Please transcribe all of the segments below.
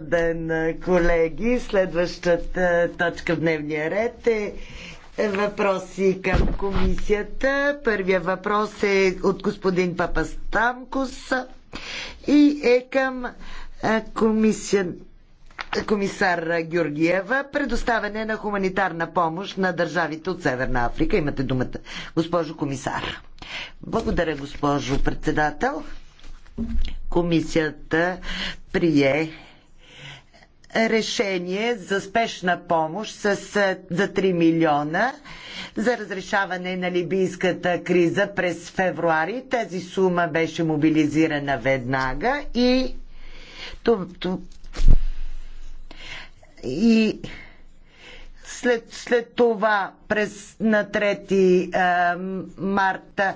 Ден, колеги. Следващата е, точка в дневния ред е, е въпроси към комисията. Първия въпрос е от господин Папастамкос и е към е, комисия, комисар Георгиева предоставяне на хуманитарна помощ на държавите от Северна Африка. Имате думата, госпожо комисар. Благодаря, госпожо председател комисията прие решение за спешна помощ с, е, за 3 милиона за разрешаване на либийската криза през февруари. Тази сума беше мобилизирана веднага и и след, след това през на 3 е, марта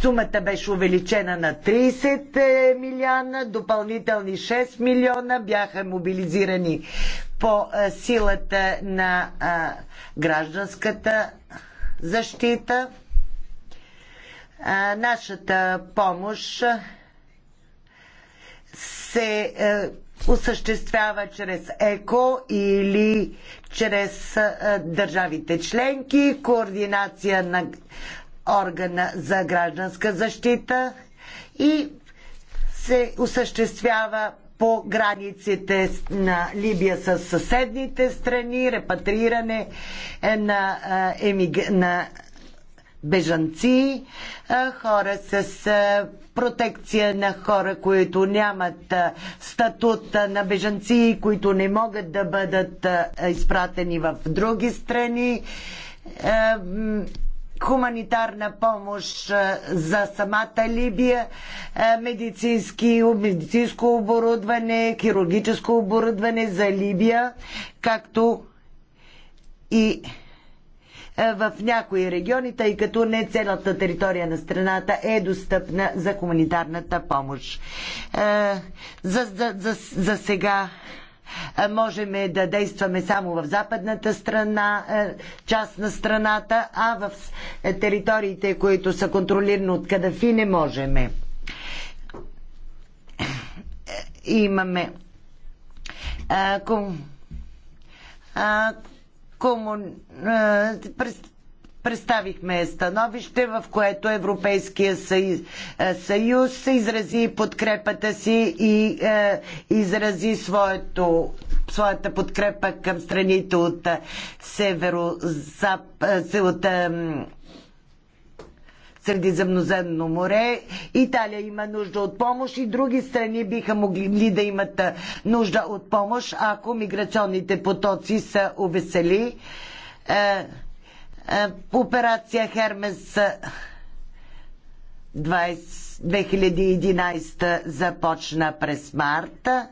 сумата беше увеличена на 30 е, милиона, допълнителни 6 милиона бяха мобилизирани по е, силата на е, гражданската защита. нашата помощ се е, осъществява чрез ЕКО или чрез а, държавите членки, координация на органа за гражданска защита и се осъществява по границите на Либия с съседните страни, репатриране е, на, емиг... на бежанци, хора с протекция на хора, които нямат статут на бежанци които не могат да бъдат изпратени в други страни. Хуманитарна помощ за самата Либия, медицински, медицинско оборудване, хирургическо оборудване за Либия, както и е, в някои региони, тъй като не цялата територия на страната е достъпна за хуманитарната помощ. Е, за, за, за, за сега е, можем да действаме само в западната страна, част на страната, а в териториите, които са контролирани от Кадафи, не можем. Имаме. Ако кому... Представихме становище, в което Европейския съюз, съюз изрази подкрепата си и е, изрази своето, своята подкрепа към страните от северо от Средиземноземно море. Италия има нужда от помощ и други страни биха могли да имат нужда от помощ, ако миграционните потоци са увесели. Е, е, операция Хермес 2011 е, започна през марта.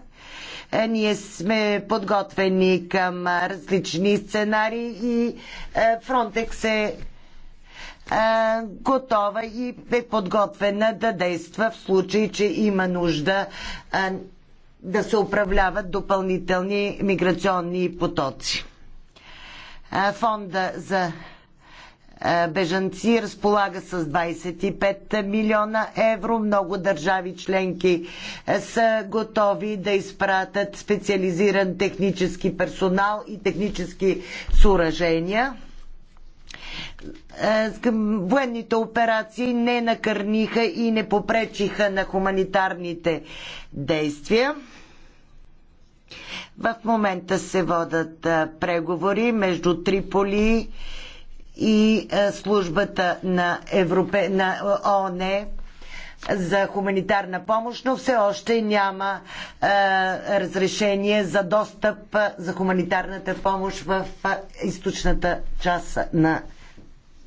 Ние сме подготвени към различни сценарии и Фронтекс е готова и е подготвена да действа в случай, че има нужда да се управляват допълнителни миграционни потоци. Фонда за бежанци разполага с 25 милиона евро. Много държави членки са готови да изпратят специализиран технически персонал и технически съоръжения. Е, военните операции не накърниха и не попречиха на хуманитарните действия. В момента се водат е, преговори между Триполи и е, службата на, Европе... на ООН за хуманитарна помощ, но все още няма е, разрешение за достъп за хуманитарната помощ в източната част на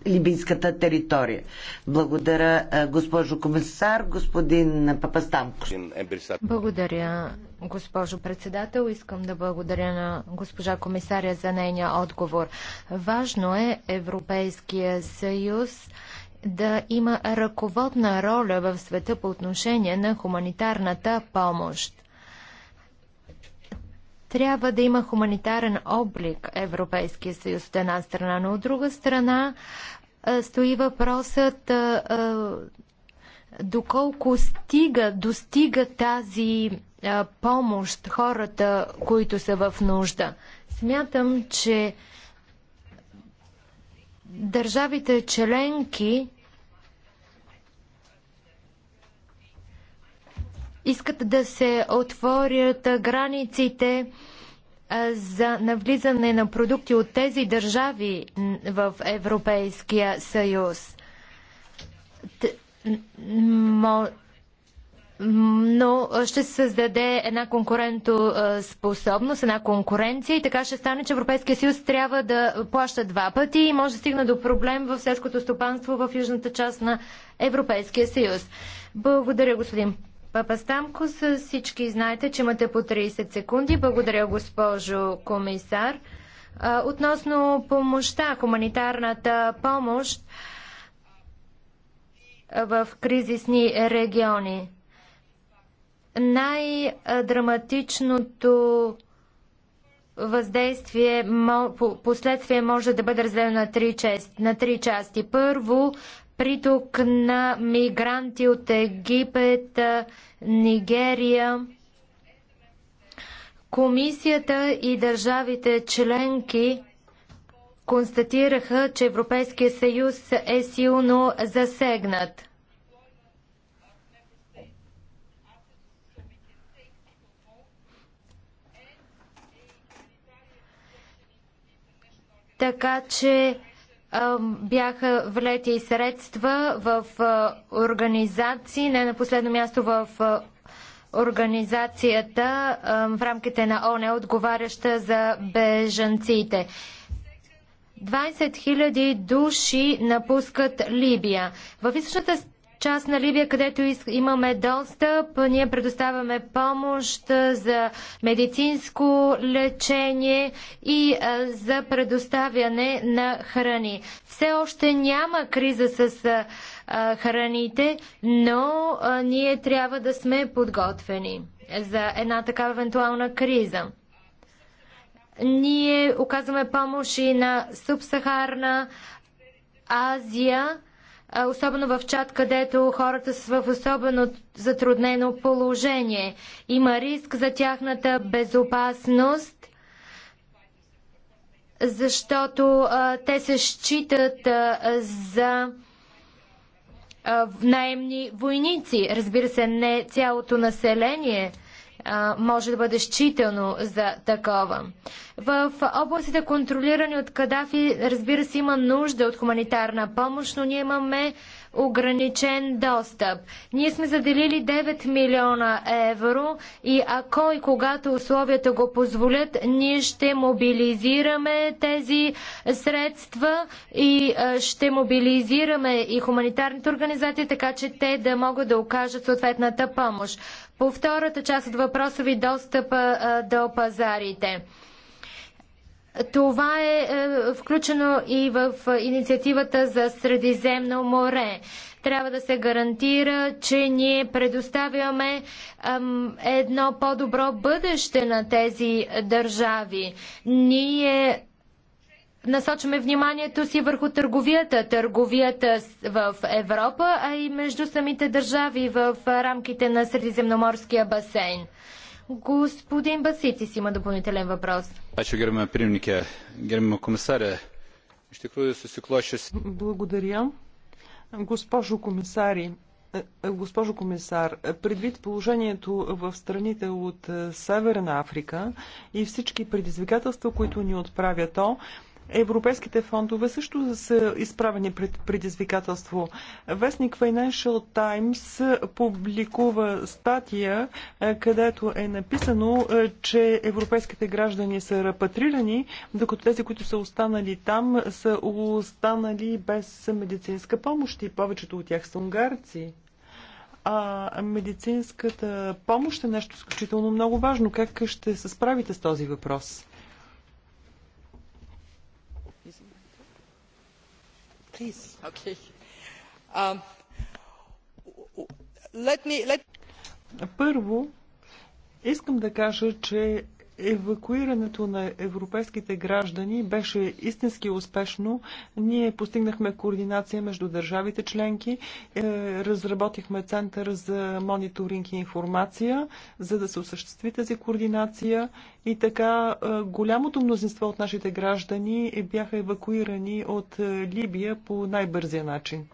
либийската територия. Благодаря, е, госпожо комисар, господин Папастамко. Благодаря, госпожо председател. Искам да благодаря на госпожа комисаря за нейния отговор. Важно е Европейския съюз да има ръководна роля в света по отношение на хуманитарната помощ. Трябва да има хуманитарен облик Европейския съюз от една страна, но от друга страна стои въпросът доколко стига, достига тази помощ хората, които са в нужда. Смятам, че държавите членки искат да се отворят границите за навлизане на продукти от тези държави в Европейския съюз. Но ще се създаде една конкурентоспособност, една конкуренция и така ще стане, че Европейския съюз трябва да плаща два пъти и може да стигне до проблем в селското стопанство в южната част на Европейския съюз. Благодаря, господин Папа Стамко, всички знаете, че имате по 30 секунди. Благодаря, госпожо комисар. Относно помощта, хуманитарната помощ в кризисни региони. Най-драматичното въздействие, последствие може да бъде разделено на на три части. Първо, приток на мигранти от Египет, Нигерия. Комисията и държавите членки констатираха, че Европейския съюз е силно засегнат. Така че бяха влети средства в организации, не на последно място в организацията в рамките на ОНЕ, отговаряща за бежанците. 20 000 души напускат Либия. В източната част на Ливия, където имаме достъп. Ние предоставяме помощ за медицинско лечение и за предоставяне на храни. Все още няма криза с храните, но ние трябва да сме подготвени за една такава евентуална криза. Ние оказваме помощ и на субсахарна Азия особено в чат, където хората са в особено затруднено положение. Има риск за тяхната безопасност, защото а, те се считат а, за а, наемни войници. Разбира се, не цялото население може да бъде считано за такова. В областите, контролирани от Кадафи, разбира се, има нужда от хуманитарна помощ, но ние имаме ограничен достъп. Ние сме заделили 9 милиона евро и ако и когато условията го позволят, ние ще мобилизираме тези средства и ще мобилизираме и хуманитарните организации, така че те да могат да окажат съответната помощ. По втората част от въпроса ви достъпа до пазарите. Това е, е, включено и в инициативата за Средиземно море. Трябва да се гарантира, че ние предоставяме ем, едно по-добро бъдеще на тези държави. Ние насочваме вниманието си върху търговията. Търговията в Европа, а и между самите държави в рамките на Средиземноморския басейн. Господин си има допълнителен въпрос. Благодаря. Госпожо комисари, Госпожо комисар, предвид положението в страните от Северна Африка и всички предизвикателства, които ни отправя то, Европейските фондове също са изправени пред предизвикателство. Вестник Financial Times публикува статия, е, където е написано, е, че европейските граждани са репатрирани, докато тези, които са останали там, са останали без медицинска помощ и повечето от тях са унгарци. А медицинската помощ е нещо изключително много важно. Как ще се справите с този въпрос? Um, Първо, искам да кажа, че Евакуирането на европейските граждани беше истински успешно. Ние постигнахме координация между държавите членки, е, разработихме център за мониторинг и информация, за да се осъществи тази координация и така е, голямото мнозинство от нашите граждани бяха евакуирани от е, Либия по най-бързия начин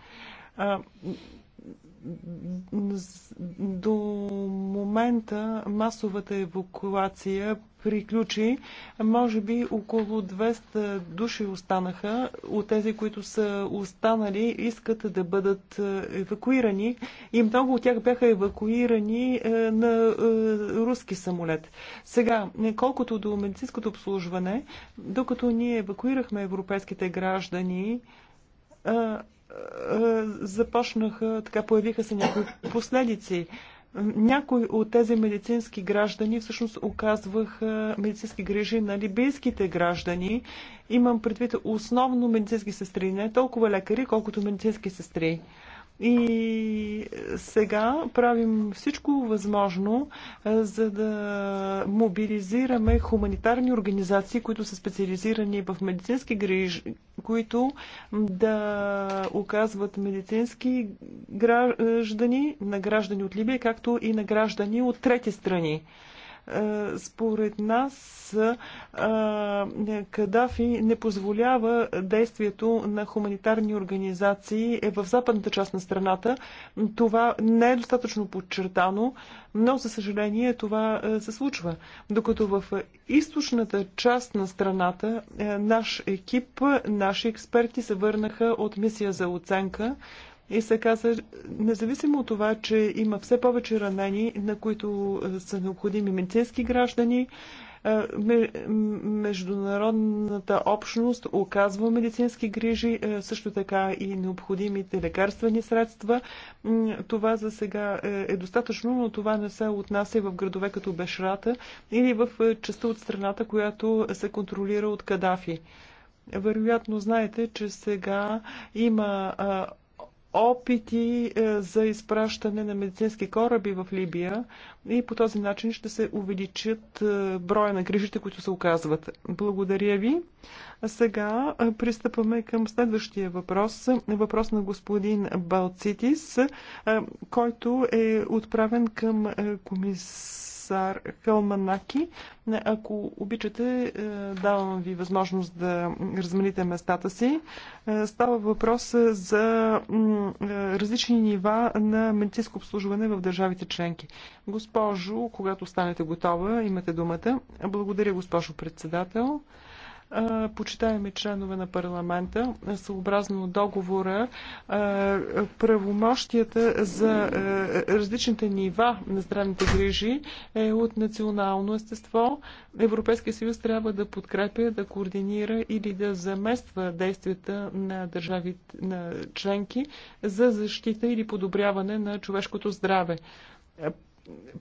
до момента масовата евакуация приключи. Може би около 200 души останаха. От тези, които са останали, искат да бъдат е, евакуирани. И много от тях бяха евакуирани е, на е, руски самолет. Сега, колкото до медицинското обслужване, докато ние евакуирахме европейските граждани, е, започнаха, така появиха се някои последици. Някои от тези медицински граждани всъщност оказваха медицински грижи на либийските граждани. Имам предвид основно медицински сестри, не толкова лекари, колкото медицински сестри. И сега правим всичко възможно, е, за да мобилизираме хуманитарни организации, които са специализирани в медицински грижи, които да оказват медицински граждани на граждани от Либия, както и на граждани от трети страни. Е, според нас е, е, Кадафи не позволява действието на хуманитарни организации в западната част на страната. Това не е достатъчно подчертано, но за съжаление това се случва. Докато в източната част на страната наш екип, наши експерти се върнаха от мисия за оценка и сега, независимо от това, че има все повече ранени, на които е, са необходими медицински граждани, е, международната общност оказва медицински грижи, е, също така и необходимите лекарствени средства. Това за сега е достатъчно, но това не се отнася и в градове като Бешрата или в частта от страната, която се контролира от Кадафи. Вероятно знаете, че сега има опити е, за изпращане на медицински кораби в Либия и по този начин ще се увеличат е, броя на грижите, които се оказват. Благодаря ви. А сега е, пристъпваме към следващия въпрос. Въпрос на господин Балцитис, който е отправен към комисията Сар Хълманаки. Ако обичате, е, давам ви възможност да размените местата си. Е, става въпрос за е, различни нива на медицинско обслужване в държавите членки. Госпожо, когато станете готова, имате думата. Благодаря, госпожо председател почитаеми членове на парламента, съобразно договора, правомощията за различните нива на здравните грижи е от национално естество. Европейския съюз трябва да подкрепя, да координира или да замества действията на държавите на членки за защита или подобряване на човешкото здраве.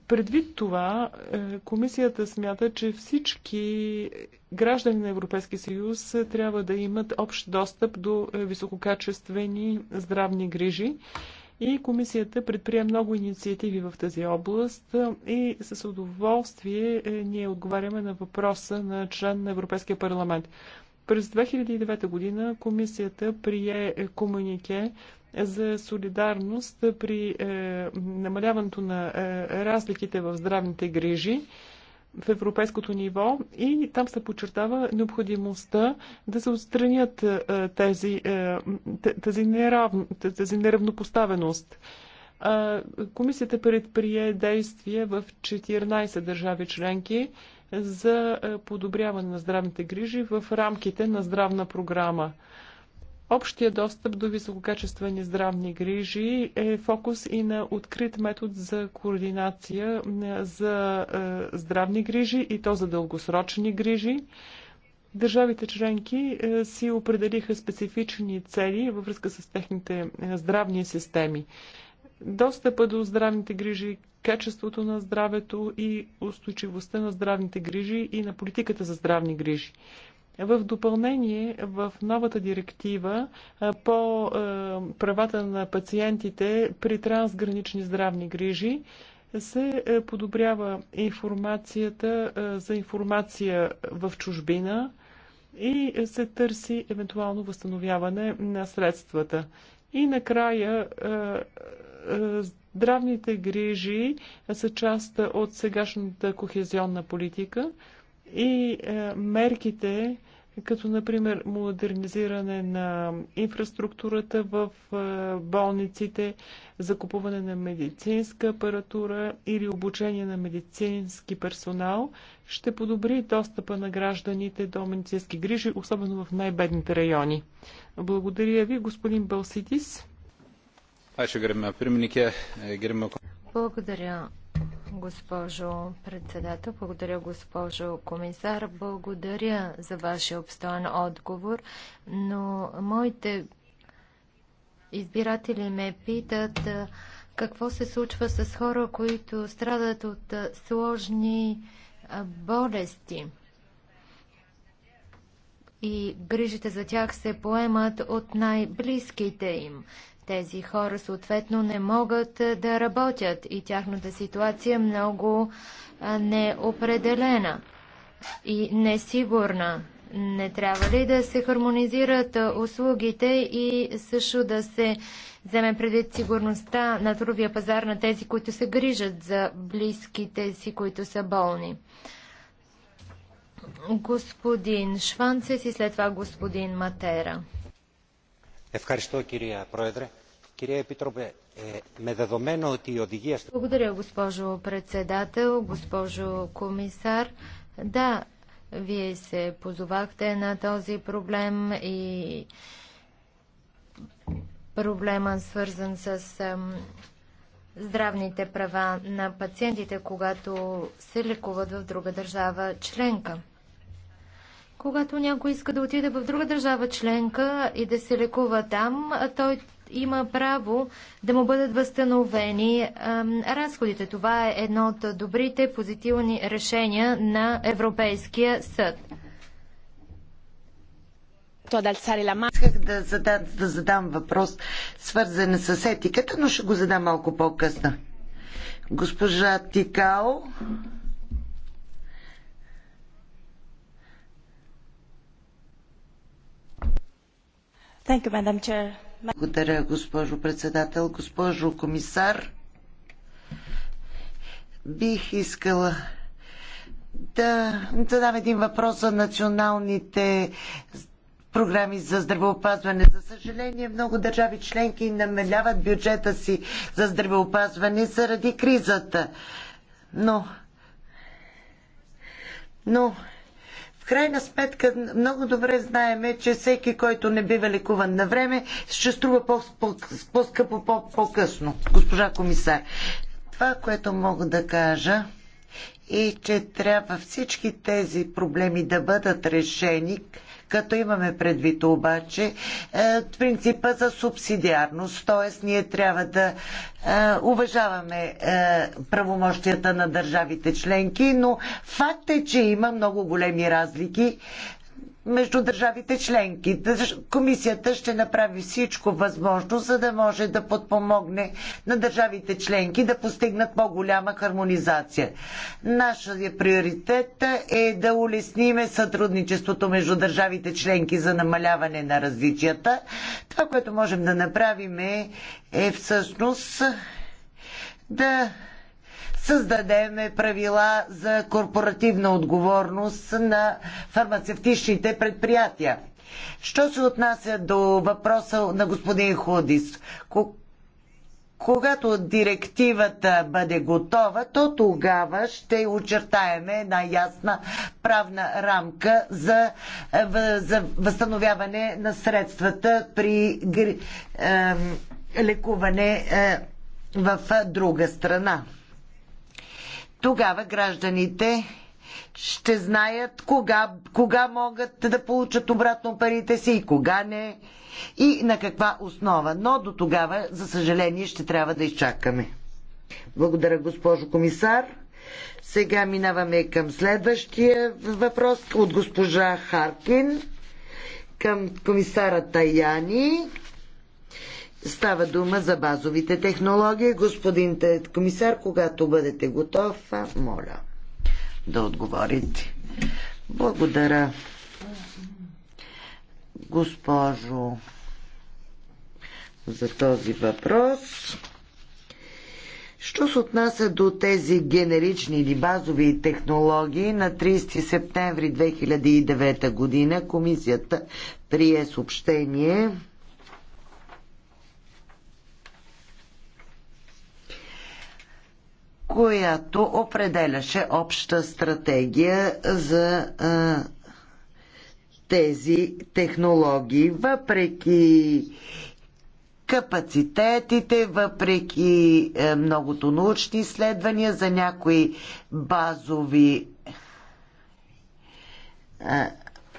Предвид това, е, комисията смята, че всички граждани на Европейския съюз трябва да имат общ достъп до е, висококачествени здравни грижи и комисията предприе много инициативи в тази област е, и с удоволствие ние отговаряме на въпроса на член на Европейския парламент. През 2009 година комисията прие комунике за солидарност при е, намаляването на е, разликите в здравните грижи в европейското ниво и там се подчертава необходимостта да се отстранят е, тези, тази, нерав, тази неравнопоставеност. Комисията предприе действия в 14 държави членки за подобряване на здравните грижи в рамките на здравна програма. Общия достъп до висококачествени здравни грижи е фокус и на открит метод за координация за е, здравни грижи и то за дългосрочни грижи. Държавите членки е, си определиха специфични цели във връзка с техните е, здравни системи. Достъпа до здравните грижи, качеството на здравето и устойчивостта на здравните грижи и на политиката за здравни грижи. В допълнение, в новата директива по правата на пациентите при трансгранични здравни грижи се подобрява информацията за информация в чужбина и се търси евентуално възстановяване на средствата. И накрая здравните грижи са част от сегашната кохезионна политика – и е, мерките, като например модернизиране на инфраструктурата в е, болниците, закупуване на медицинска апаратура или обучение на медицински персонал, ще подобри достъпа на гражданите до медицински грижи, особено в най-бедните райони. Благодаря ви, господин Балситис. Благодаря, госпожо председател. Благодаря, госпожо комисар. Благодаря за вашия обстоен отговор, но моите избиратели ме питат какво се случва с хора, които страдат от сложни болести. И грижите за тях се поемат от най-близките им. Тези хора съответно не могат да работят и тяхната ситуация е много неопределена и несигурна. Не трябва ли да се хармонизират услугите и също да се вземе предвид сигурността на трудовия пазар на тези, които се грижат за близките си, които са болни? Господин Шванцес и след това господин Матера. Благодаря, госпожо председател, госпожо комисар. Да, вие се позовахте на този проблем и проблема свързан с здравните права на пациентите, когато се лекуват в друга държава членка. Когато някой иска да отиде в друга държава членка и да се лекува там, той има право да му бъдат възстановени разходите. Това е едно от добрите позитивни решения на Европейския съд. Исках да, задам, да задам въпрос, свързан с етиката, но ще го задам малко по-късно. Госпожа Тикао. You, Благодаря, госпожо председател. Госпожо комисар, бих искала да задам един въпрос за националните програми за здравеопазване. За съжаление, много държави членки намаляват бюджета си за здравеопазване заради кризата. Но. Но. В крайна сметка много добре знаеме, че всеки, който не бива лекуван на време, ще струва по-скъпо по-късно. -по Госпожа комисар, това, което мога да кажа е, че трябва всички тези проблеми да бъдат решени като имаме предвид обаче е, принципа за субсидиарност, т.е. ние трябва да е, уважаваме е, правомощията на държавите членки, но факт е, че има много големи разлики между държавите членки. Комисията ще направи всичко възможно, за да може да подпомогне на държавите членки да постигнат по-голяма хармонизация. Нашият приоритет е да улесниме сътрудничеството между държавите членки за намаляване на различията. Това, което можем да направим е, е всъщност да създадеме правила за корпоративна отговорност на фармацевтичните предприятия. Що се отнася до въпроса на господин Худис? Когато директивата бъде готова, то тогава ще очертаеме една ясна правна рамка за, за възстановяване на средствата при е, лекуване е, в друга страна. Тогава гражданите ще знаят кога, кога могат да получат обратно парите си и кога не и на каква основа. Но до тогава, за съжаление, ще трябва да изчакаме. Благодаря, госпожо комисар. Сега минаваме към следващия въпрос от госпожа Харкин към комисара Таяни. Става дума за базовите технологии. Господин комисар, когато бъдете готов, моля да отговорите. Благодаря, госпожо, за този въпрос. Що се отнася до тези генерични или базови технологии, на 30 септември 2009 година комисията прие съобщение която определяше обща стратегия за а, тези технологии. Въпреки капацитетите, въпреки а, е, многото научни изследвания за някои базови а,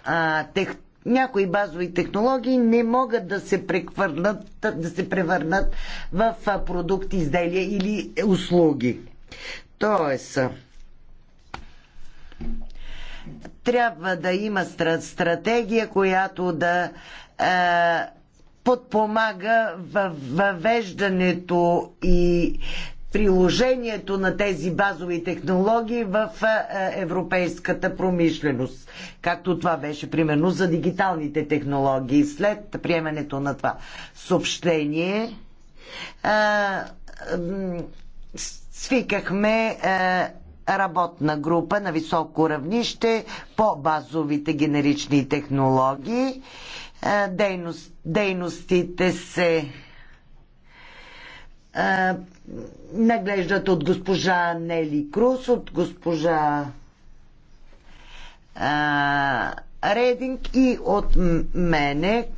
а, тех, някои базови технологии не могат да се прехвърнат, да се превърнат в продукт, изделия или услуги. Тоест, трябва да има стратегия, която да е, подпомага въвеждането и приложението на тези базови технологии в е, европейската промишленост. Както това беше примерно за дигиталните технологии. След приемането на това съобщение е, свикахме е, работна група на високо равнище по базовите генерични технологии. Е, дейност, дейностите се е, наглеждат от госпожа Нели Крус, от госпожа е, Рединг и от мене.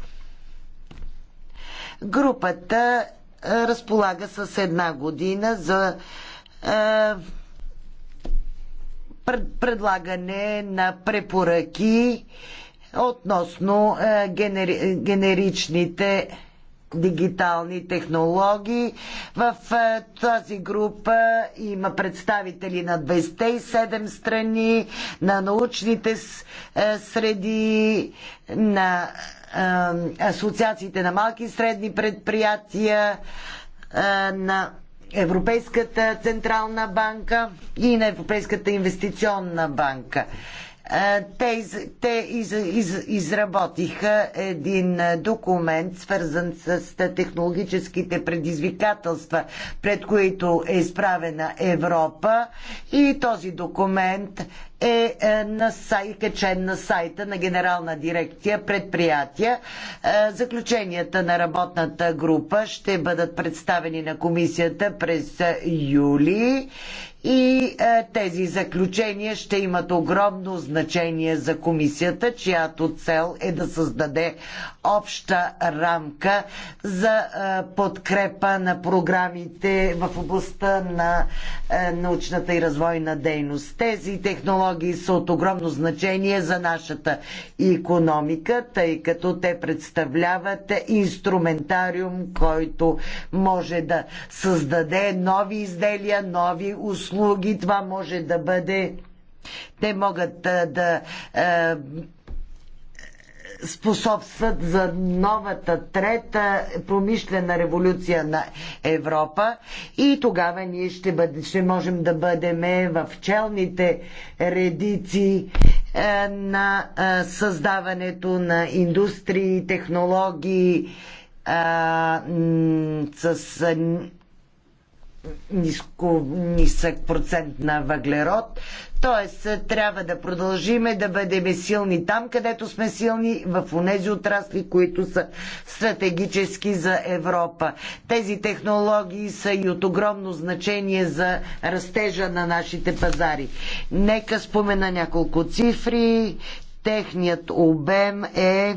Групата разполага с една година за предлагане на препоръки относно генеричните дигитални технологии. В тази група има представители на 27 страни, на научните среди, на асоциациите на малки и средни предприятия, на Европейската централна банка и на Европейската инвестиционна банка. Е, те, из, те из, из, изработиха един документ, свързан с технологическите предизвикателства, пред които е изправена Европа. И този документ е, е на сай, е качен на сайта на Генерална дирекция предприятия. Е, заключенията на работната група ще бъдат представени на комисията през юли и тези заключения ще имат огромно значение за комисията, чиято цел е да създаде обща рамка за подкрепа на програмите в областта на научната и развойна дейност. Тези технологии технологии са от огромно значение за нашата економика, тъй като те представляват инструментариум, който може да създаде нови изделия, нови услуги. Това може да бъде те могат да, да способстват за новата трета промишлена революция на Европа и тогава ние ще, бъде, ще можем да бъдем в челните редици е, на е, създаването на индустрии, технологии е, с ниско, нисък процент на въглерод. Тоест, трябва да продължиме да бъдем силни там, където сме силни, в тези отрасли, които са стратегически за Европа. Тези технологии са и от огромно значение за растежа на нашите пазари. Нека спомена няколко цифри. Техният обем е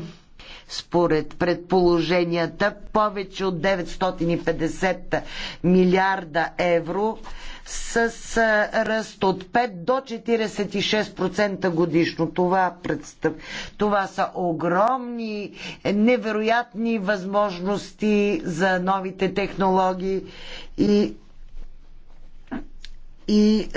според предположенията, повече от 950 милиарда евро с ръст от 5 до 46% годишно. Това, представ... Това са огромни, невероятни възможности за новите технологии и, и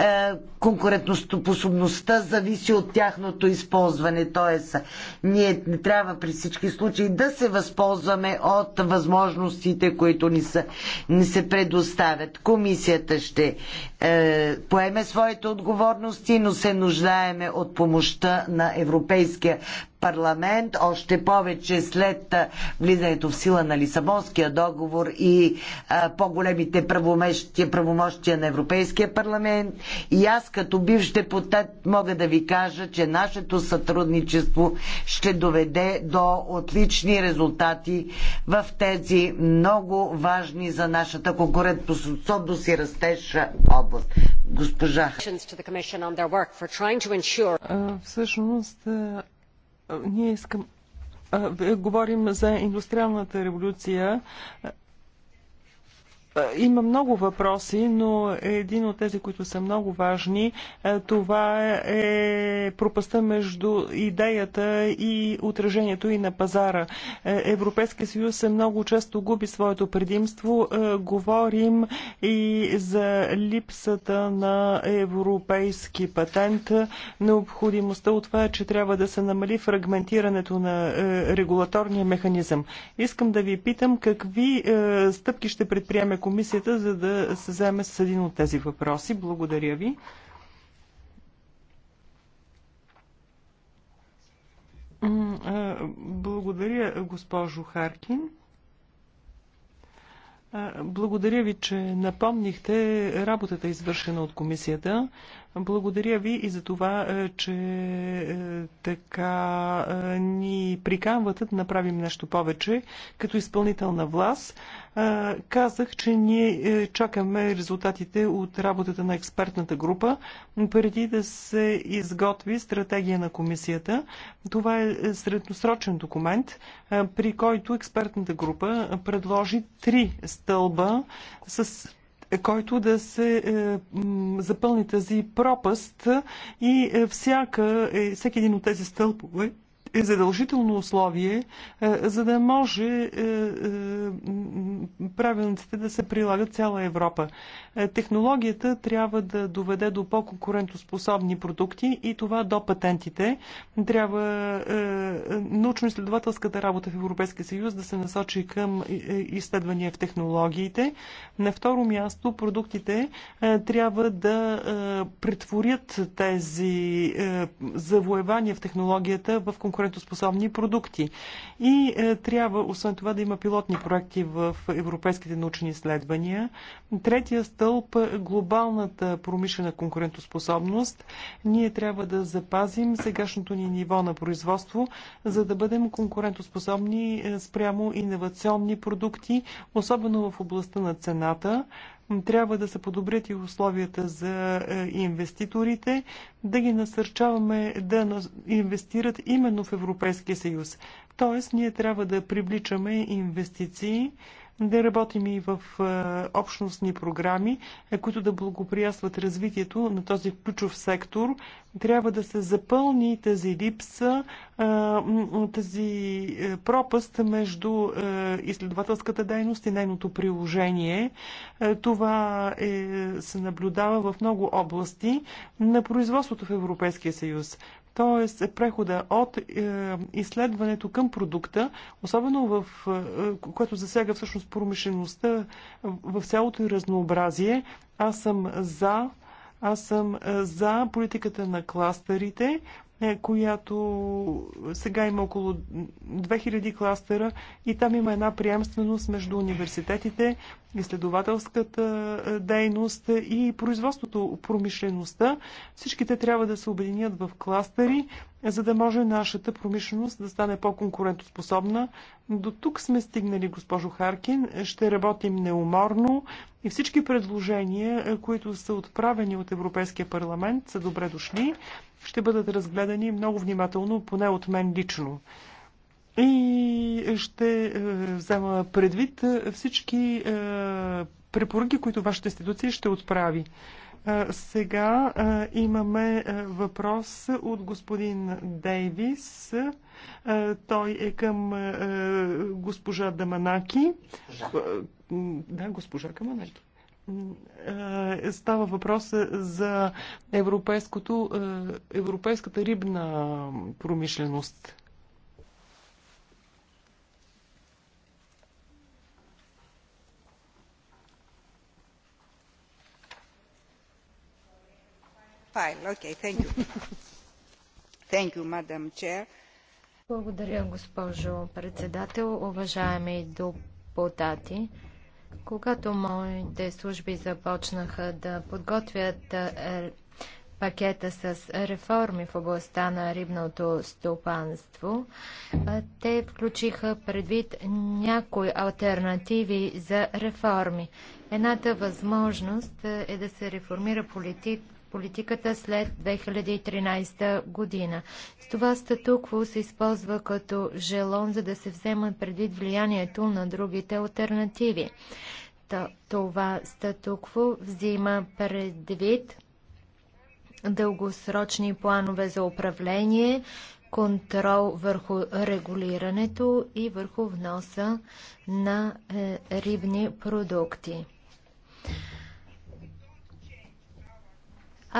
е, конкурентоспособността зависи от тяхното използване. Тоест, ние не трябва при всички случаи да се възползваме от възможностите, които ни, са, ни се предоставят. Комисията ще е, поеме своите отговорности, но се нуждаеме от помощта на Европейския парламент, още повече след е, влизането в сила на Лисабонския договор и е, по-големите правомощия, правомощия на Европейския парламент. И аз като бивш депутат мога да ви кажа, че нашето сътрудничество ще доведе до отлични резултати в тези много важни за нашата конкурентоспособност и растеж области област. Госпожа. Всъщност, ние искам. Говорим за индустриалната революция. Е, има много въпроси, но един от тези, които са много важни, е, това е пропаста между идеята и отражението и на пазара. Е, Европейския съюз много често губи своето предимство. Говорим и за липсата на европейски патент, необходимостта от това, че трябва да се намали фрагментирането на регулаторния механизъм. Искам да ви питам какви стъпки ще предприеме комисията, за да се вземе с един от тези въпроси. Благодаря ви. Благодаря, госпожо Харкин. Благодаря ви, че напомнихте работата, извършена от комисията. Благодаря ви и за това, е, че е, така е, ни приканвате да направим нещо повече като изпълнителна власт. Казах, че ние чакаме резултатите от работата на експертната група преди да се изготви стратегия на комисията. Това е средносрочен документ, при който експертната група предложи три стълба с е който да се е, запълни тази пропаст и е, всяка, всеки един от тези стълбове е задължително условие, е, за да може е, е, правилниците да се прилагат цяла Европа. Технологията трябва да доведе до по-конкурентоспособни продукти и това до патентите. Трябва научно-изследователската работа в Европейския съюз да се насочи към изследвания в технологиите. На второ място продуктите трябва да претворят тези завоевания в технологията в конкурентоспособни конкурентоспособни продукти. И е, трябва, освен това, да има пилотни проекти в европейските научни изследвания. Третия стълб е – глобалната промишлена конкурентоспособност. Ние трябва да запазим сегашното ни ниво на производство, за да бъдем конкурентоспособни е, спрямо иновационни продукти, особено в областта на цената. Трябва да се подобрят и условията за е, инвеститорите, да ги насърчаваме да инвестират именно в Европейския съюз. Тоест, ние трябва да привличаме инвестиции, да работим и в е, общностни програми, е, които да благоприятстват развитието на този ключов сектор. Трябва да се запълни тази липса, е, тази пропаст между изследователската дейност и нейното приложение. Това е, се наблюдава в много области на производството в Европейския съюз т.е. прехода от е, изследването към продукта, особено в, е, е, което засяга всъщност промишлеността в цялото и разнообразие. Аз съм за аз съм за политиката на кластерите, е, която сега има около 2000 кластера и там има една приемственост между университетите, изследователската е, дейност и производството, промишлеността. Всичките трябва да се объединят в кластери, за да може нашата промишленост да стане по-конкурентоспособна. До тук сме стигнали, госпожо Харкин. Ще работим неуморно и всички предложения, е, които са отправени от Европейския парламент, са добре дошли ще бъдат разгледани много внимателно, поне от мен лично. И ще е, взема предвид е, всички е, препоръки, които вашата институция ще отправи. Сега имаме въпрос от господин Дейвис. Той е към госпожа Даманаки. Госпожа. Да, госпожа Каманаки. Е, става въпрос за европейското, е, европейската рибна промишленост. Благодаря, госпожо председател. Уважаеми депутати, когато моите служби започнаха да подготвят е, пакета с реформи в областта на рибното стопанство, е, те включиха предвид някои альтернативи за реформи. Едната възможност е, е да се реформира политиката политиката след 2013 година. С това статукво се използва като желон, за да се взема предвид влиянието на другите альтернативи. Това статукво взима предвид дългосрочни планове за управление, контрол върху регулирането и върху вноса на е, рибни продукти.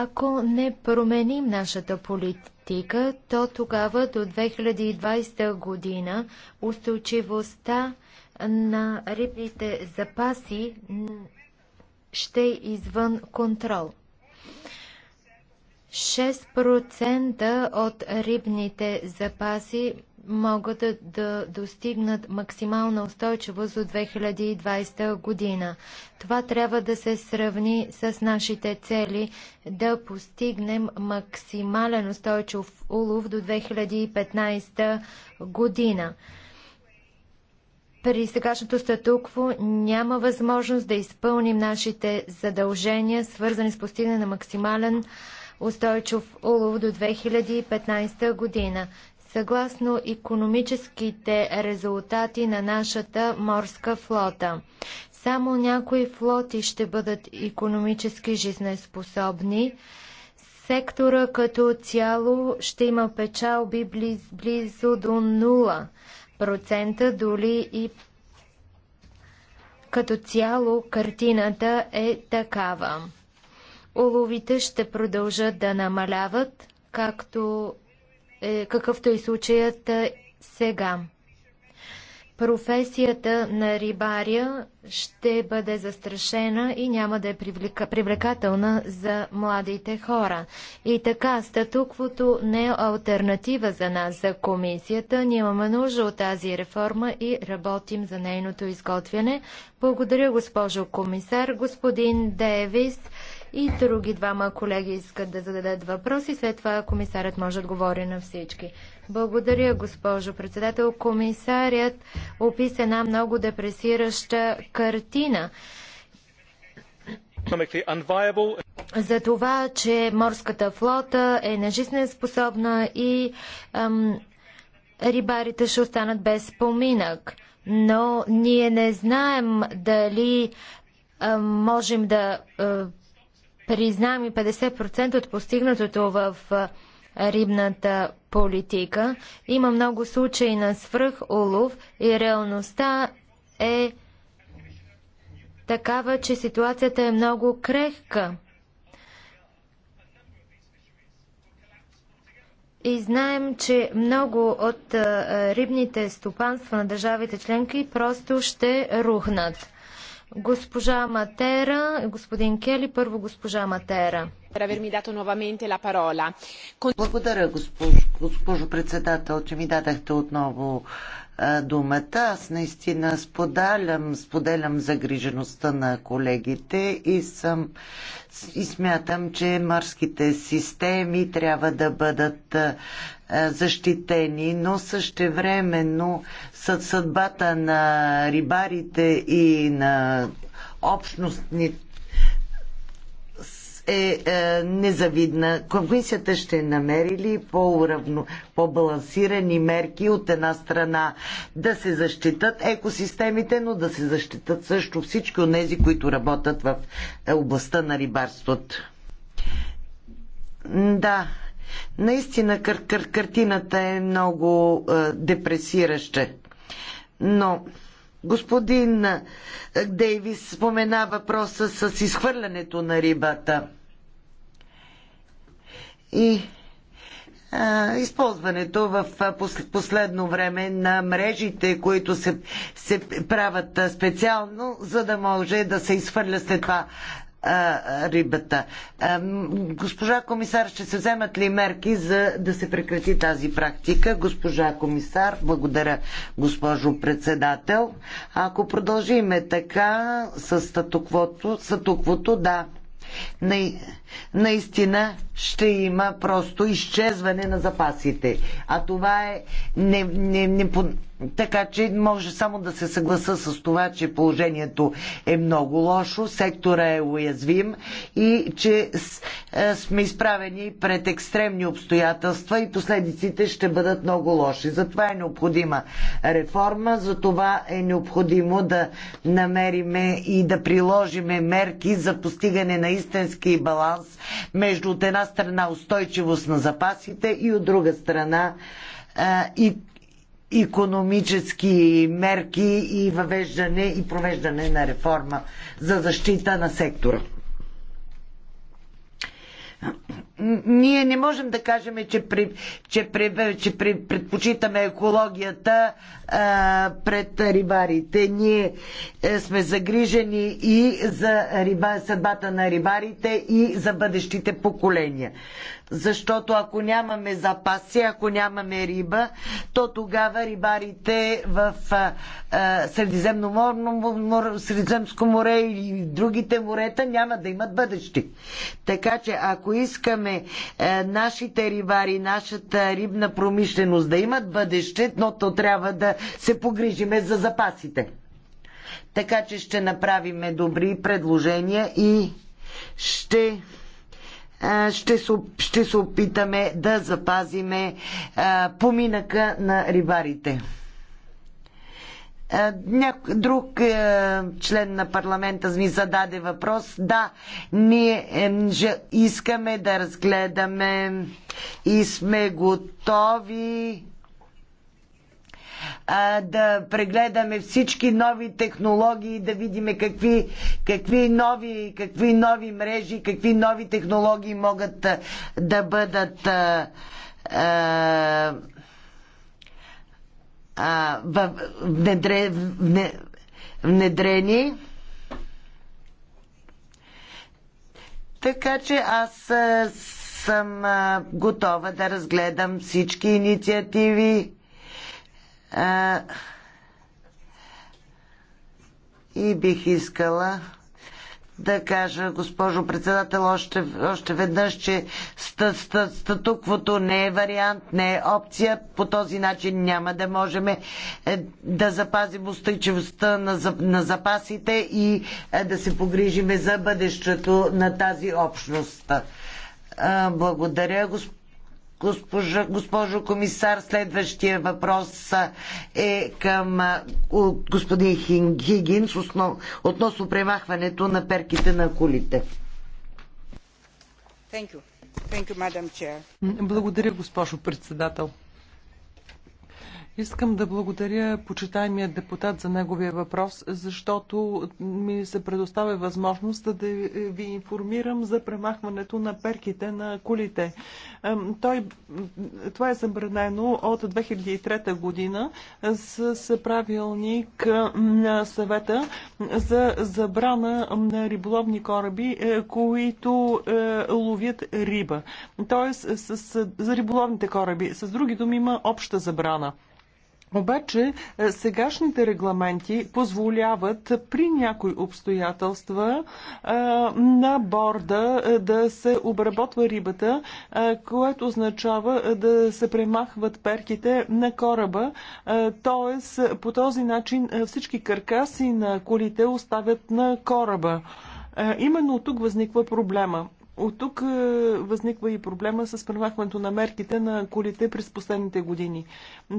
Ако не променим нашата политика, то тогава до 2020 година устойчивостта на рибните запаси ще е извън контрол. 6% от рибните запаси могат да достигнат максимална устойчивост до 2020 година. Това трябва да се сравни с нашите цели да постигнем максимален устойчив улов до 2015 година. При сегашното статукво няма възможност да изпълним нашите задължения, свързани с постигане на максимален устойчив улов до 2015 година съгласно економическите резултати на нашата морска флота. Само някои флоти ще бъдат економически жизнеспособни. Сектора като цяло ще има печалби близ, близо до 0%, дори и като цяло картината е такава. Уловите ще продължат да намаляват, както е, какъвто е случаят е, сега. Професията на рибаря ще бъде застрашена и няма да е привлекателна за младите хора. И така, статуквото не е альтернатива за нас, за комисията. Ние имаме нужда от тази реформа и работим за нейното изготвяне. Благодаря, госпожо комисар. Господин Девис, и други двама колеги искат да зададат въпроси. След това комисарят може да отговори на всички. Благодаря, госпожо председател. Комисарят описа една много депресираща картина за това, че морската флота е нежизнеспособна и ам, рибарите ще останат без поминък. Но ние не знаем дали ам, можем да ам, признаем и 50% от постигнатото в рибната политика. Има много случаи на свръхулов и реалността е такава, че ситуацията е много крехка. И знаем, че много от рибните стопанства на държавите членки просто ще рухнат. Госпожа Матера, господин Кели, първо госпожа Матера. Благодаря, госпожо, госпожо председател, че ми дадахте отново а, думата. Аз наистина споделям, споделям загрижеността на колегите и, съм, и смятам, че морските системи трябва да бъдат а, защитени, но същевременно съдбата на рибарите и на общностни е, е незавидна. Комисията ще намери ли по-уравно, по-балансирани мерки от една страна да се защитат екосистемите, но да се защитат също всички от тези, които работят в областта на рибарството? Да, наистина кар- кар- картината е много е, депресираща но господин Дейвис спомена въпроса с изхвърлянето на рибата и а, използването в последно време на мрежите, които се, се правят специално, за да може да се изхвърля след това а, рибата. А, госпожа комисар, ще се вземат ли мерки за да се прекрати тази практика? Госпожа комисар, благодаря, госпожо председател. Ако продължиме така с статуквото, статуквото да. Не, наистина ще има просто изчезване на запасите. А това е не, не, не, така че може само да се съгласа с това, че положението е много лошо, сектора е уязвим и че е, сме изправени пред екстремни обстоятелства и последиците ще бъдат много лоши. Затова е необходима реформа, затова е необходимо да намериме и да приложиме мерки за постигане на истински баланс баланс между от една страна устойчивост на запасите и от друга страна и економически мерки и въвеждане и провеждане на реформа за защита на сектора ние не можем да кажем, че, при, че, при, че при, предпочитаме екологията а, пред рибарите. Ние е, сме загрижени и за риба, съдбата на рибарите и за бъдещите поколения. Защото ако нямаме запаси, ако нямаме риба, то тогава рибарите в а, а, Средиземно Средиземско море и другите морета няма да имат бъдещи. Така че ако искаме искаме е, нашите рибари, нашата рибна промишленост да имат бъдеще, но то трябва да се погрижиме за запасите. Така че ще направиме добри предложения и ще е, ще се, ще се опитаме да запазиме е, поминъка на рибарите. Е, няк... Друг е, член на парламента ми зададе въпрос. Да, ние е, искаме да разгледаме и сме готови е, да прегледаме всички нови технологии, да видим какви, какви, нови, какви нови мрежи, какви нови технологии могат е, да бъдат е, а, внедре, внедрени. Така че аз съм готова да разгледам всички инициативи а, и бих искала да кажа, госпожо председател, още, още веднъж, че статуквото не е вариант, не е опция. По този начин няма да можем е, да запазим устойчивостта на, на запасите и е, да се погрижиме за бъдещето на тази общност. Благодаря, госпожо Госпожа, госпожо комисар, следващия въпрос е към господин Хигинс основ, относно премахването на перките на колите. Благодаря, госпожо председател. Искам да благодаря почитаемия депутат за неговия въпрос, защото ми се предоставя възможност да ви информирам за премахването на перките на колите. Той, това е забранено от 2003 година с правилник на съвета за забрана на риболовни кораби, е, които е, ловят риба. Тоест, с, с, за риболовните кораби. С други думи има обща забрана. Обаче е, сегашните регламенти позволяват при някои обстоятелства е, на борда е, да се обработва рибата, което означава да се премахват перките на кораба. Т.е. по този начин всички каркаси на колите оставят на кораба. Именно тук възниква проблема. От тук е, възниква и проблема с премахването на мерките на колите през последните години.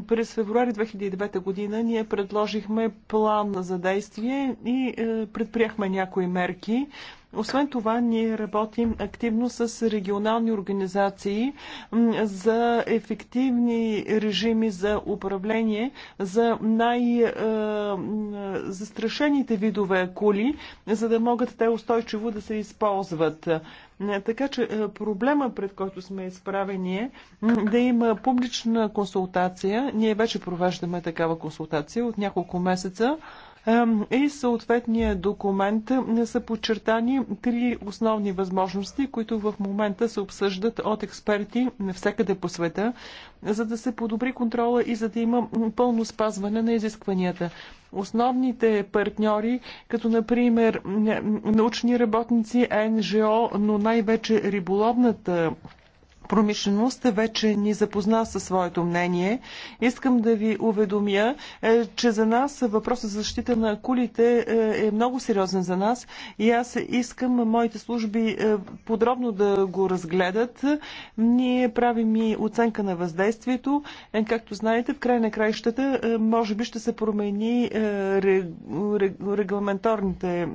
През февруари 2009 година ние предложихме план за действие и е, предприехме някои мерки. Освен това, ние работим активно с регионални организации за ефективни режими за управление за най-застрашените е, видове коли, за да могат те устойчиво да се използват. Е, така че е, проблема, пред който сме изправени е да има публична консултация. Ние вече провеждаме такава консултация от няколко месеца и съответния документ са подчертани три основни възможности, които в момента се обсъждат от експерти навсякъде по света, за да се подобри контрола и за да има пълно спазване на изискванията. Основните партньори, като например научни работници, НЖО, но най-вече риболовната промишленост вече ни запозна със своето мнение. Искам да ви уведомя, е, че за нас въпросът за защита на кулите е, е много сериозен за нас и аз искам моите служби е, подробно да го разгледат. Ние правим и оценка на въздействието. Както знаете, в край на краищата може би ще се промени регламенторните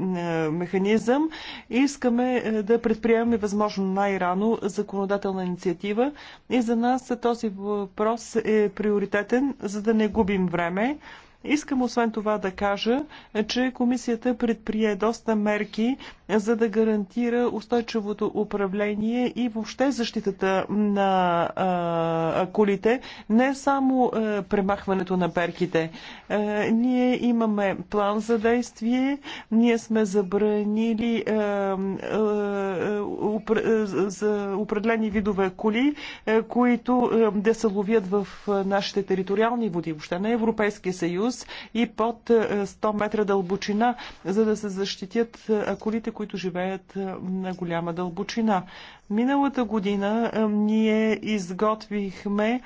механизъм. Искаме да предприемаме възможно най-рано законодателна инициатива инициатива и за нас този въпрос е приоритетен, за да не губим време. Искам освен това да кажа, че комисията предприе доста мерки за да гарантира устойчивото управление и въобще защитата на а, колите, не само а, премахването на перките. А, ние имаме план за действие, ние сме забранили а, а, упр... за определени видове коли, а, които а, да се ловят в нашите териториални води, въобще на Европейския съюз и под 100 метра дълбочина, за да се защитят а, колите, които живеят е, на голяма дълбочина. Миналата година е, ние изготвихме е,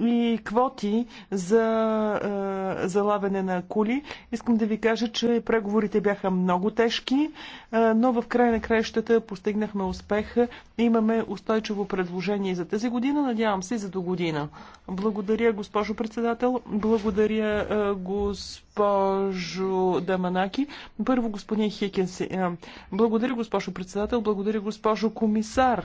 и квоти за залавяне на кули. Искам да ви кажа, че преговорите бяха много тежки, но в край на краищата постигнахме успех. Имаме устойчиво предложение за тази година, надявам се и за до година. Благодаря, госпожо председател. Благодаря, госпожо Даманаки. Първо, господин Хикенс. Благодаря, госпожо председател. Благодаря, госпожо комисар.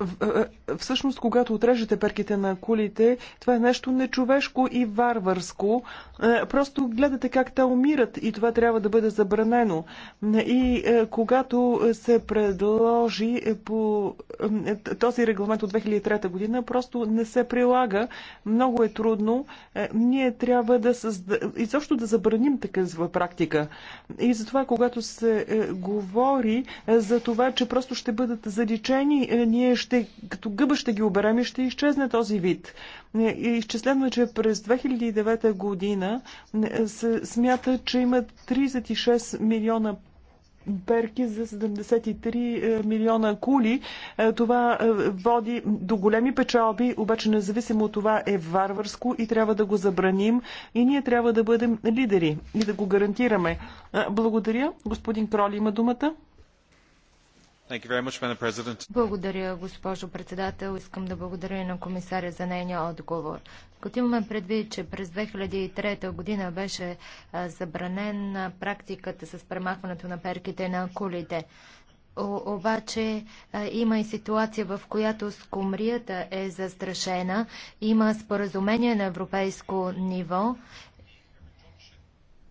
Е, е, всъщност, когато отрежете перките на кулите, това е нещо нечовешко и варварско. Е, просто гледате как те умират и това трябва да бъде забранено. И когато се предложи по този регламент от 2003 година, просто не се прилага. Много е трудно. Ние трябва да създа... също да забраним такава практика. И затова, когато се говори за това, че просто ще бъдат заличени, ние ще, като гъба ще ги оберем и ще изчезне този вид. Е, изчислено е, че през 2009 година е, се смята, че има 36 милиона перки за 73 е, милиона кули. Това води до големи печалби, обаче независимо от това е варварско и трябва да го забраним и ние трябва да бъдем лидери и да го гарантираме. Благодаря. Господин Кроли има думата. Благодаря, госпожо председател. Искам да благодаря и на комисаря за нейния отговор. Като имаме предвид, че през 2003 година беше забранен практиката с премахването на перките на колите. Обаче има и ситуация, в която скумрията е застрашена. Има споразумение на европейско ниво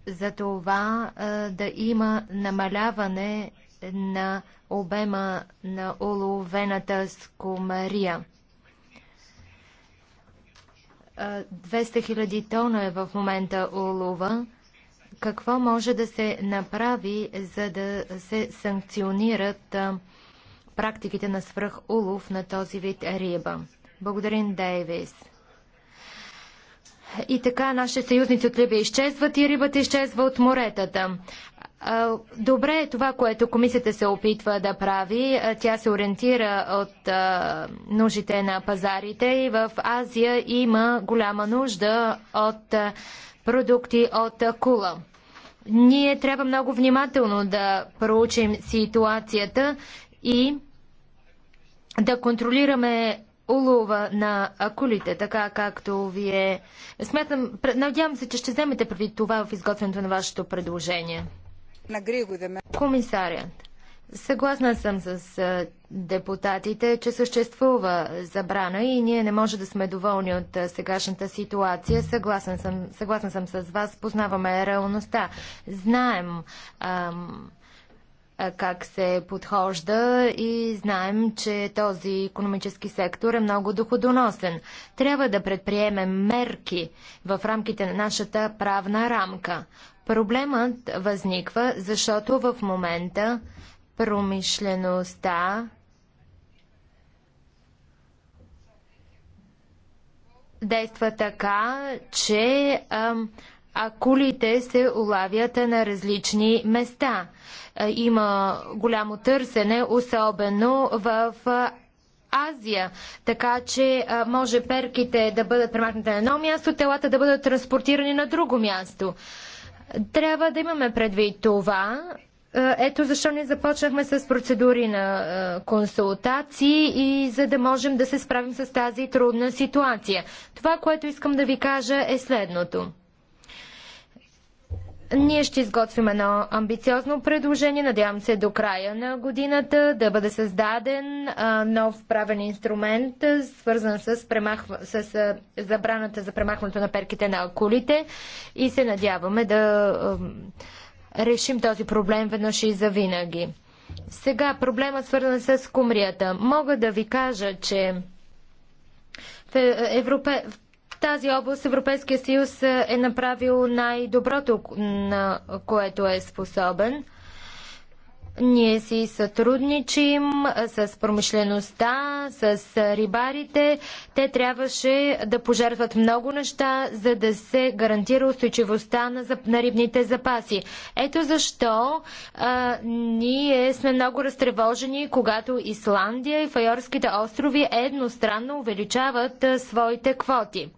за това да има намаляване на обема на оловената скумария. 200 хиляди тона е в момента улова. Какво може да се направи, за да се санкционират практиките на свръхулов на този вид риба? Благодарим, Дейвис. И така нашите съюзници от Либия изчезват и рибата изчезва от моретата. Добре е това, което комисията се опитва да прави. Тя се ориентира от нуждите на пазарите и в Азия има голяма нужда от продукти от кула. Ние трябва много внимателно да проучим ситуацията и да контролираме улова на акулите, така както вие... Смятам, надявам се, че ще вземете преди това в изготвянето на вашето предложение. Комисарят, съгласна съм с депутатите, че съществува забрана и ние не може да сме доволни от сегашната ситуация. Съгласен съм, съгласен съм с вас, познаваме реалността. Знаем ам, как се подхожда и знаем, че този економически сектор е много доходоносен. Трябва да предприемем мерки в рамките на нашата правна рамка. Проблемът възниква, защото в момента промишлеността действа така, че акулите се улавят на различни места. Има голямо търсене, особено в Азия, така че може перките да бъдат премахнати на едно място, телата да бъдат транспортирани на друго място. Трябва да имаме предвид това. Е, ето защо не започнахме с процедури на е, консултации и за да можем да се справим с тази трудна ситуация. Това, което искам да ви кажа е следното. Ние ще изготвим едно амбициозно предложение. Надявам се до края на годината да бъде създаден а, нов правен инструмент, свързан с, премахва, с а, забраната за премахването на перките на акулите и се надяваме да решим този проблем веднъж и завинаги. Сега проблема свързан с кумрията. Мога да ви кажа, че в е, Европе, тази област Европейския съюз е направил най-доброто, на което е способен. Ние си сътрудничим с промишлеността, с рибарите. Те трябваше да пожертват много неща, за да се гарантира устойчивостта на, на рибните запаси. Ето защо а, ние сме много разтревожени, когато Исландия и Файорските острови едностранно увеличават а, своите квоти.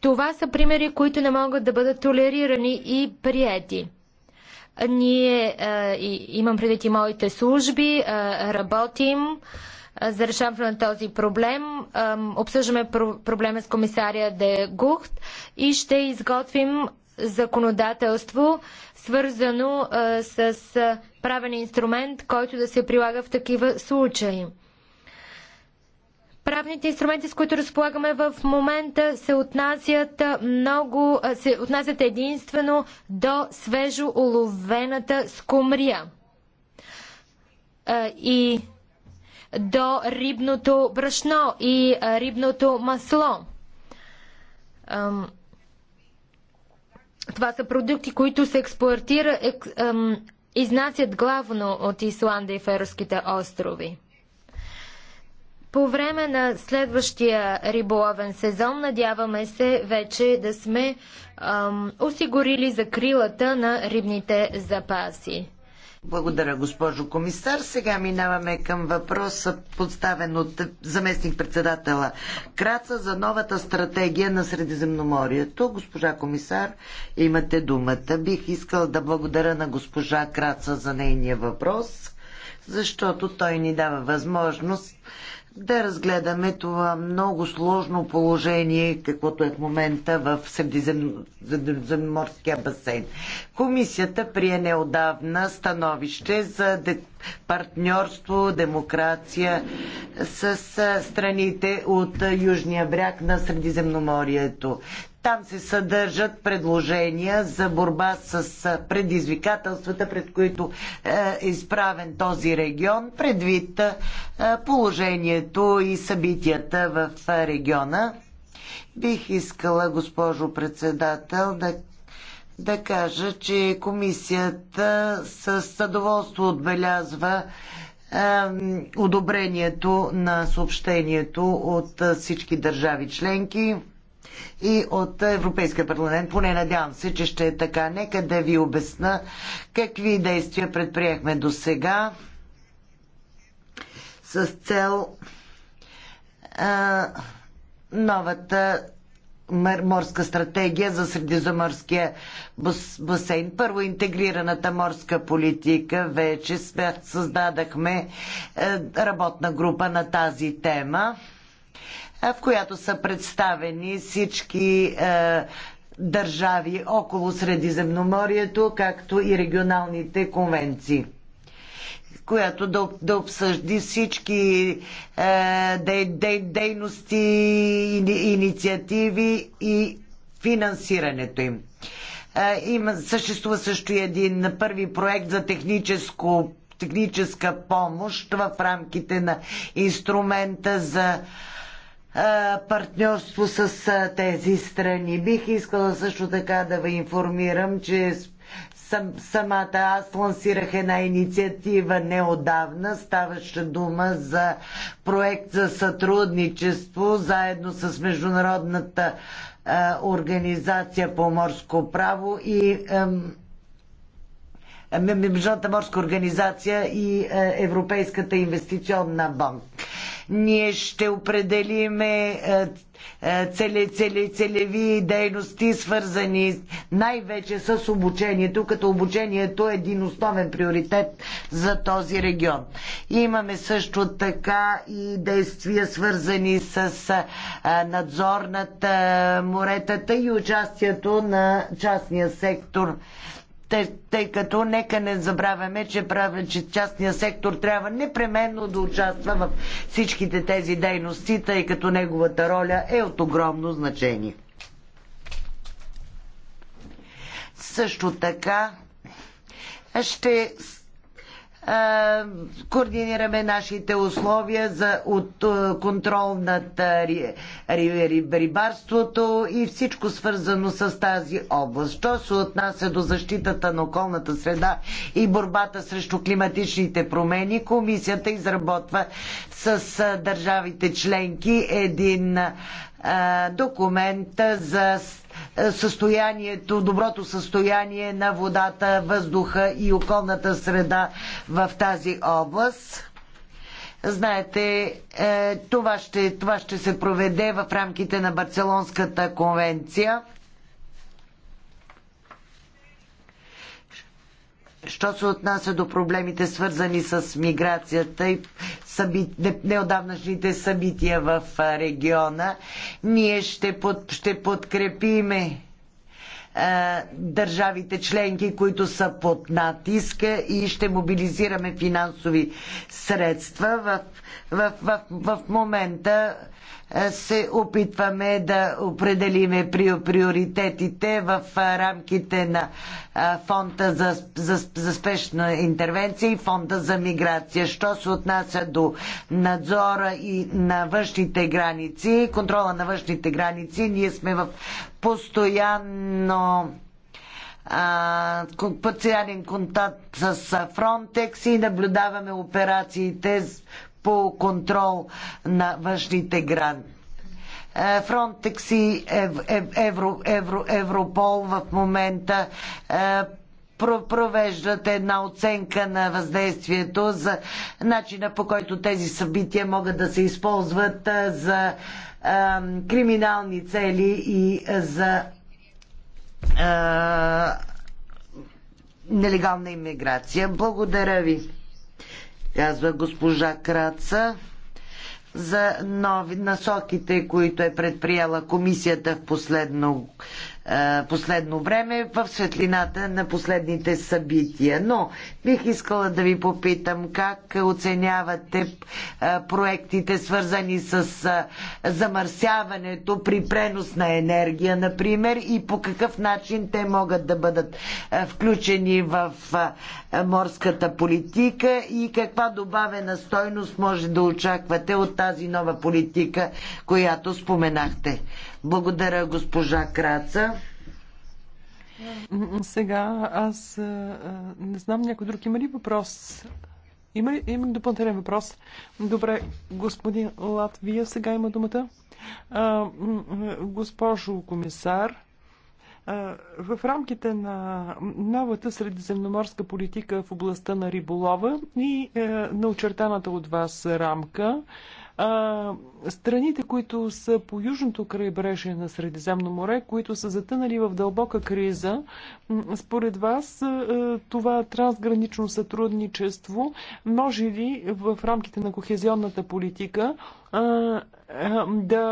Това са примери, които не могат да бъдат толерирани и прияти. Ние, е, и, имам предвид и моите служби, е, работим е, за решаване на този проблем. Обсъждаме проблема с комисария Де Гухт и ще изготвим законодателство, свързано с правен инструмент, който да се прилага в такива случаи. Правните инструменти, с които разполагаме в момента, се отнасят много, се отнасят единствено до свежо уловената скумрия и до рибното брашно и рибното масло. Това са продукти, които се експортира, изнасят главно от Исландия и Ферските острови. По време на следващия риболовен сезон надяваме се вече да сме ам, осигурили закрилата на рибните запаси. Благодаря, госпожо комисар. Сега минаваме към въпроса, подставен от заместник председателя Краца за новата стратегия на Средиземноморието. Госпожа комисар, имате думата. Бих искал да благодаря на госпожа Краца за нейния въпрос, защото той ни дава възможност да разгледаме това много сложно положение, каквото е в момента в Средиземноморския басейн. Комисията прие неодавна становище за партньорство, демокрация с страните от южния бряг на Средиземноморието. Там се съдържат предложения за борба с предизвикателствата, пред които е, е изправен този регион, предвид положението и събитията в региона. Бих искала, госпожо председател, да да кажа, че комисията с задоволство отбелязва е, одобрението на съобщението от всички държави членки и от Европейския парламент. Поне надявам се, че ще е така. Нека да ви обясна какви действия предприехме до сега с цел а, новата морска стратегия за Средиземорския басейн. Първо, интегрираната морска политика. Вече създадахме е, работна група на тази тема в която са представени всички е, държави около Средиземноморието, както и регионалните конвенции която да, да обсъжди всички е, дей, дей, дейности, инициативи и финансирането им. Е, има, съществува също и един първи проект за техническо, техническа помощ в рамките на инструмента за партньорство с тези страни. Бих искала също така да ви информирам, че сам, самата аз лансирах една инициатива неодавна. ставаща дума за проект за сътрудничество заедно с Международната а, организация по морско право и ам, Международната морска организация и е, Европейската инвестиционна банка. Ние ще определиме цели, е, цели, целеви дейности, свързани най-вече с обучението, като обучението е един основен приоритет за този регион. Имаме също така и действия, свързани с е, надзор над е, моретата и участието на частния сектор тъй, тъй като нека не забравяме, че, правя, че частния сектор трябва непременно да участва в всичките тези дейности, тъй като неговата роля е от огромно значение. Също така ще координираме нашите условия за от, контрол над рибарството и всичко свързано с тази област. Що се отнася до защитата на околната среда и борбата срещу климатичните промени, комисията изработва с държавите членки един документ за е, състоянието, доброто състояние на водата, въздуха и околната среда в тази област. Знаете, е, това ще, това ще се проведе в рамките на Барселонската конвенция. Що се отнася до проблемите, свързани с миграцията и съби... неодавнашните събития в региона, ние ще, под... ще подкрепиме е, държавите членки, които са под натиска и ще мобилизираме финансови средства. В, в, в, в момента е, се опитваме да определиме приоритетите в е, рамките на фонда за, за, за спешна интервенция и фонда за миграция. Що се отнася до надзора и на външните граници, контрола на външните граници, ние сме в постоянно постоянен контакт с Фронтекс и наблюдаваме операциите по контрол на външните грани. Фронтекс и Евро, Евро, Европол в момента провеждат една оценка на въздействието за начина по който тези събития могат да се използват за а, криминални цели и за а, нелегална иммиграция. Благодаря ви, казва госпожа Краца за нови насоките, които е предприела комисията в последно е, последно време в светлината на последните събития. Но бих искала да ви попитам как оценявате е, проектите свързани с е, замърсяването при пренос на енергия, например, и по какъв начин те могат да бъдат включени в морската политика и каква добавена стойност може да очаквате от тази нова политика, която споменахте. Благодаря, госпожа Краца. Сега аз не знам някой друг има ли въпрос? Има ли има допълнителен въпрос? Добре, господин Латвия сега има думата. А, госпожо комисар, в рамките на новата средиземноморска политика в областта на риболова и е, на очертаната от вас рамка, а, страните, които са по южното крайбрежие на Средиземно море, които са затънали в дълбока криза, според вас това трансгранично сътрудничество може ли в рамките на кохезионната политика да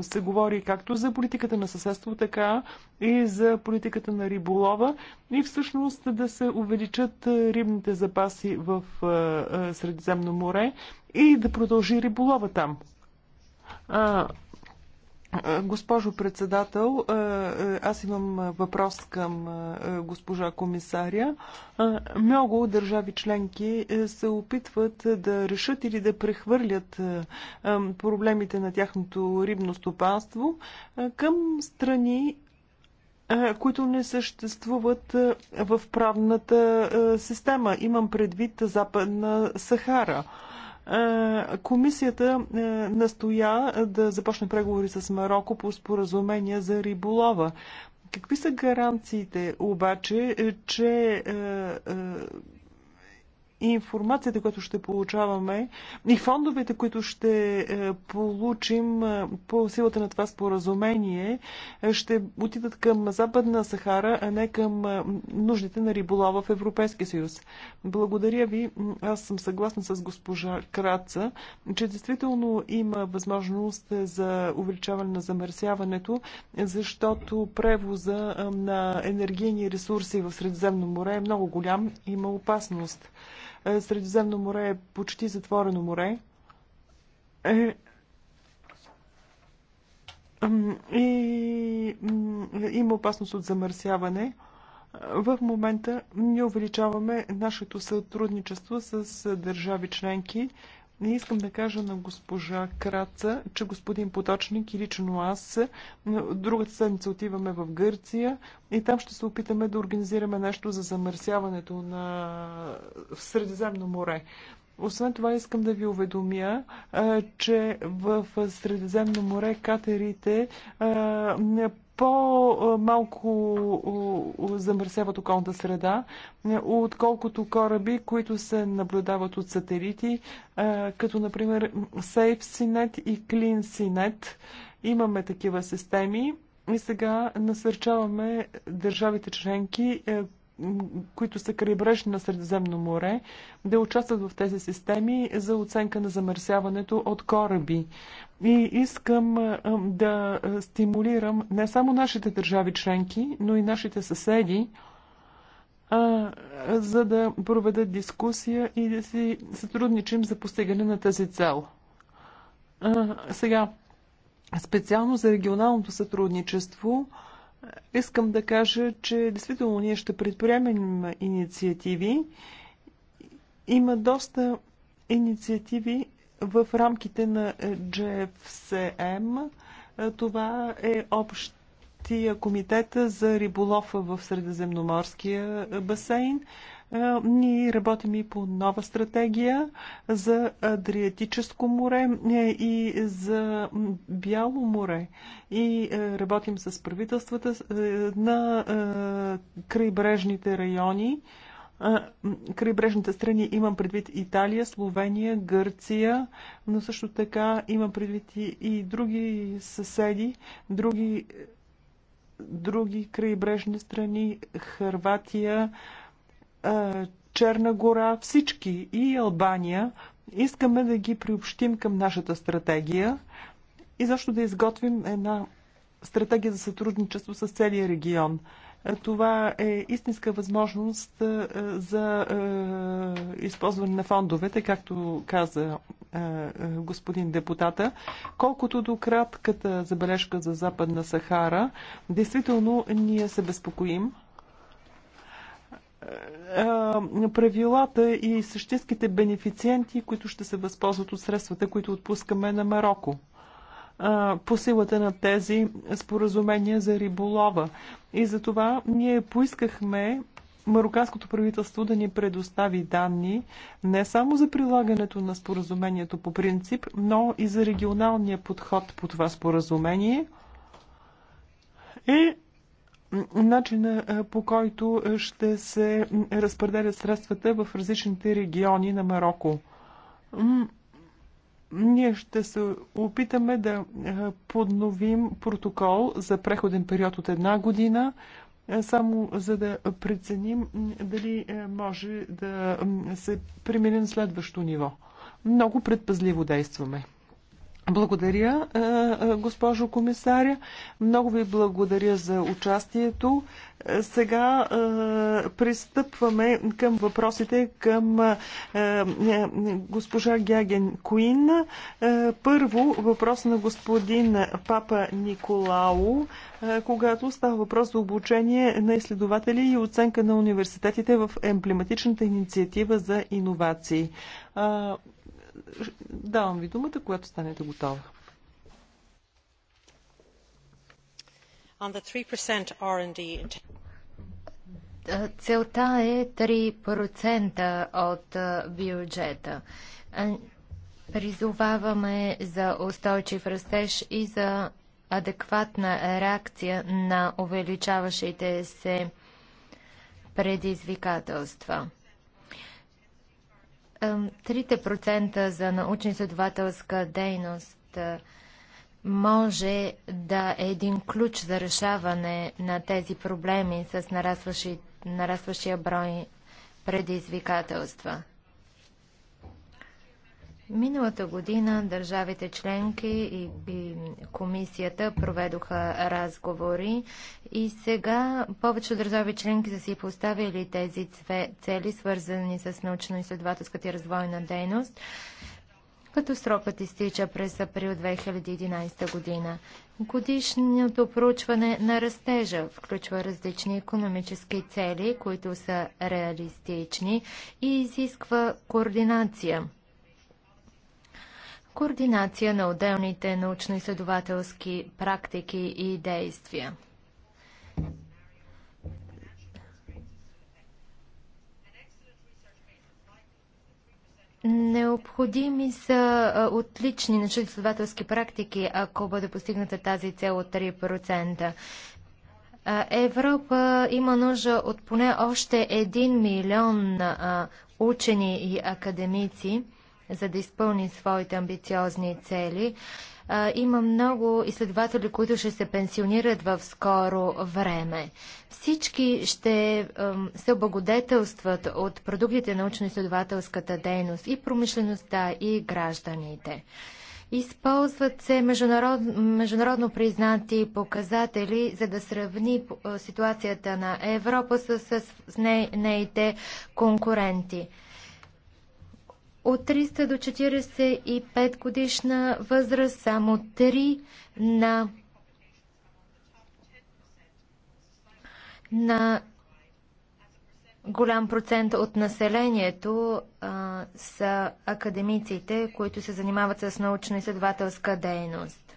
се говори както за политиката на съседство, така и за политиката на риболова и всъщност да се увеличат рибните запаси в Средиземно море и да продължи риболова там. А, госпожо председател, аз имам въпрос към госпожа комисаря. Много държави членки е, се опитват да решат или да прехвърлят проблемите на тяхното рибно стопанство към страни, които не съществуват в правната система. Имам предвид Западна Сахара. Е, комисията е, настоя е, да започне преговори с Марокко по споразумение за риболова. Какви са гаранциите обаче, че и информацията, която ще получаваме и фондовете, които ще е, получим е, по силата на това споразумение, е, ще отидат към Западна Сахара, а не към нуждите на риболова в Европейския съюз. Благодаря ви. Аз съм съгласна с госпожа Краца, че действително има възможност за увеличаване на замърсяването, защото превоза на енергийни ресурси в Средиземно море е много голям, и има опасност. Е, Средиземно море е почти затворено море. Е, и има опасност от замърсяване. В момента ние увеличаваме нашето сътрудничество с държави членки, не искам да кажа на госпожа Краца, че господин Поточник и лично аз другата седмица отиваме в Гърция и там ще се опитаме да организираме нещо за замърсяването на в Средиземно море. Освен това искам да ви уведомя, че в Средиземно море катерите по-малко замърсяват околната среда, отколкото кораби, които се наблюдават от сателити, е, като например SafeSynet и CleanSynet. Имаме такива системи. И сега насърчаваме държавите членки, е, които са крайбреж на Средиземно море, да участват в тези системи за оценка на замърсяването от кораби. И искам да стимулирам не само нашите държави членки, но и нашите съседи, а, за да проведат дискусия и да си сътрудничим за постигане на тази цел. А, сега, специално за регионалното сътрудничество, а, Искам да кажа, че действително ние ще предприемем инициативи. Има доста инициативи в рамките на GFCM. Това е общия комитета за риболов в Средиземноморския басейн. Е, ние работим и по нова стратегия за Адриатическо море е, и за Бяло море. И е, работим с правителствата на крайбрежните райони крайбрежните страни имам предвид Италия, Словения, Гърция, но също така имам предвид и, други съседи, други, други крайбрежни страни, Харватия, Черна гора, всички и Албания искаме да ги приобщим към нашата стратегия и защо да изготвим една стратегия за сътрудничество с целия регион. Това е истинска възможност за използване на фондовете, както каза господин депутата. Колкото до кратката забележка за Западна Сахара, действително ние се безпокоим е, е, правилата и същинските бенефициенти, които ще се възползват от средствата, които отпускаме на Марокко е, по силата на тези споразумения за риболова. И за това ние поискахме марокканското правителство да ни предостави данни не само за прилагането на споразумението по принцип, но и за регионалния подход по това споразумение. И начина по който ще се разпределят средствата в различните региони на Марокко. Ние ще се опитаме да подновим протокол за преходен период от една година, само за да преценим дали може да се преминем следващо ниво. Много предпазливо действаме. Благодаря, е, е, госпожо комисаря. Много ви благодаря за участието. Е, сега пристъпваме към въпросите към госпожа Гяген Куин. Първо въпрос на господин Папа Николао, когато става въпрос за обучение на изследователи и оценка на университетите в емблематичната инициатива за иновации. Давам ви думата, когато станете готова. целта е 3% от бюджета. Призоваваме за устойчив растеж и за адекватна реакция на увеличаващите се предизвикателства. 3% за научно-изследователска дейност може да е един ключ за решаване на тези проблеми с нарастващия брой предизвикателства. Миналата година държавите членки и, комисията проведоха разговори и сега повече държави членки са си поставили тези цели, свързани с научно-изследователската и развойна дейност, като срокът изтича през април 2011 година. Годишното проучване на растежа включва различни економически цели, които са реалистични и изисква координация координация на отделните научно-изследователски практики и действия. Необходими са отлични научно-изследователски практики, ако бъде постигната тази цел от 3%. Европа има нужда от поне още 1 милион учени и академици, за да изпълни своите амбициозни цели. Има много изследователи, които ще се пенсионират в скоро време. Всички ще се облагодетелстват от продуктите на научно-изследователската дейност и промишлеността и гражданите. Използват се международ, международно признати показатели, за да сравни ситуацията на Европа с, с, с не, нейните конкуренти. От 300 до 45 годишна възраст само 3 на, на голям процент от населението а, са академиците, които се занимават с научно-изследователска дейност.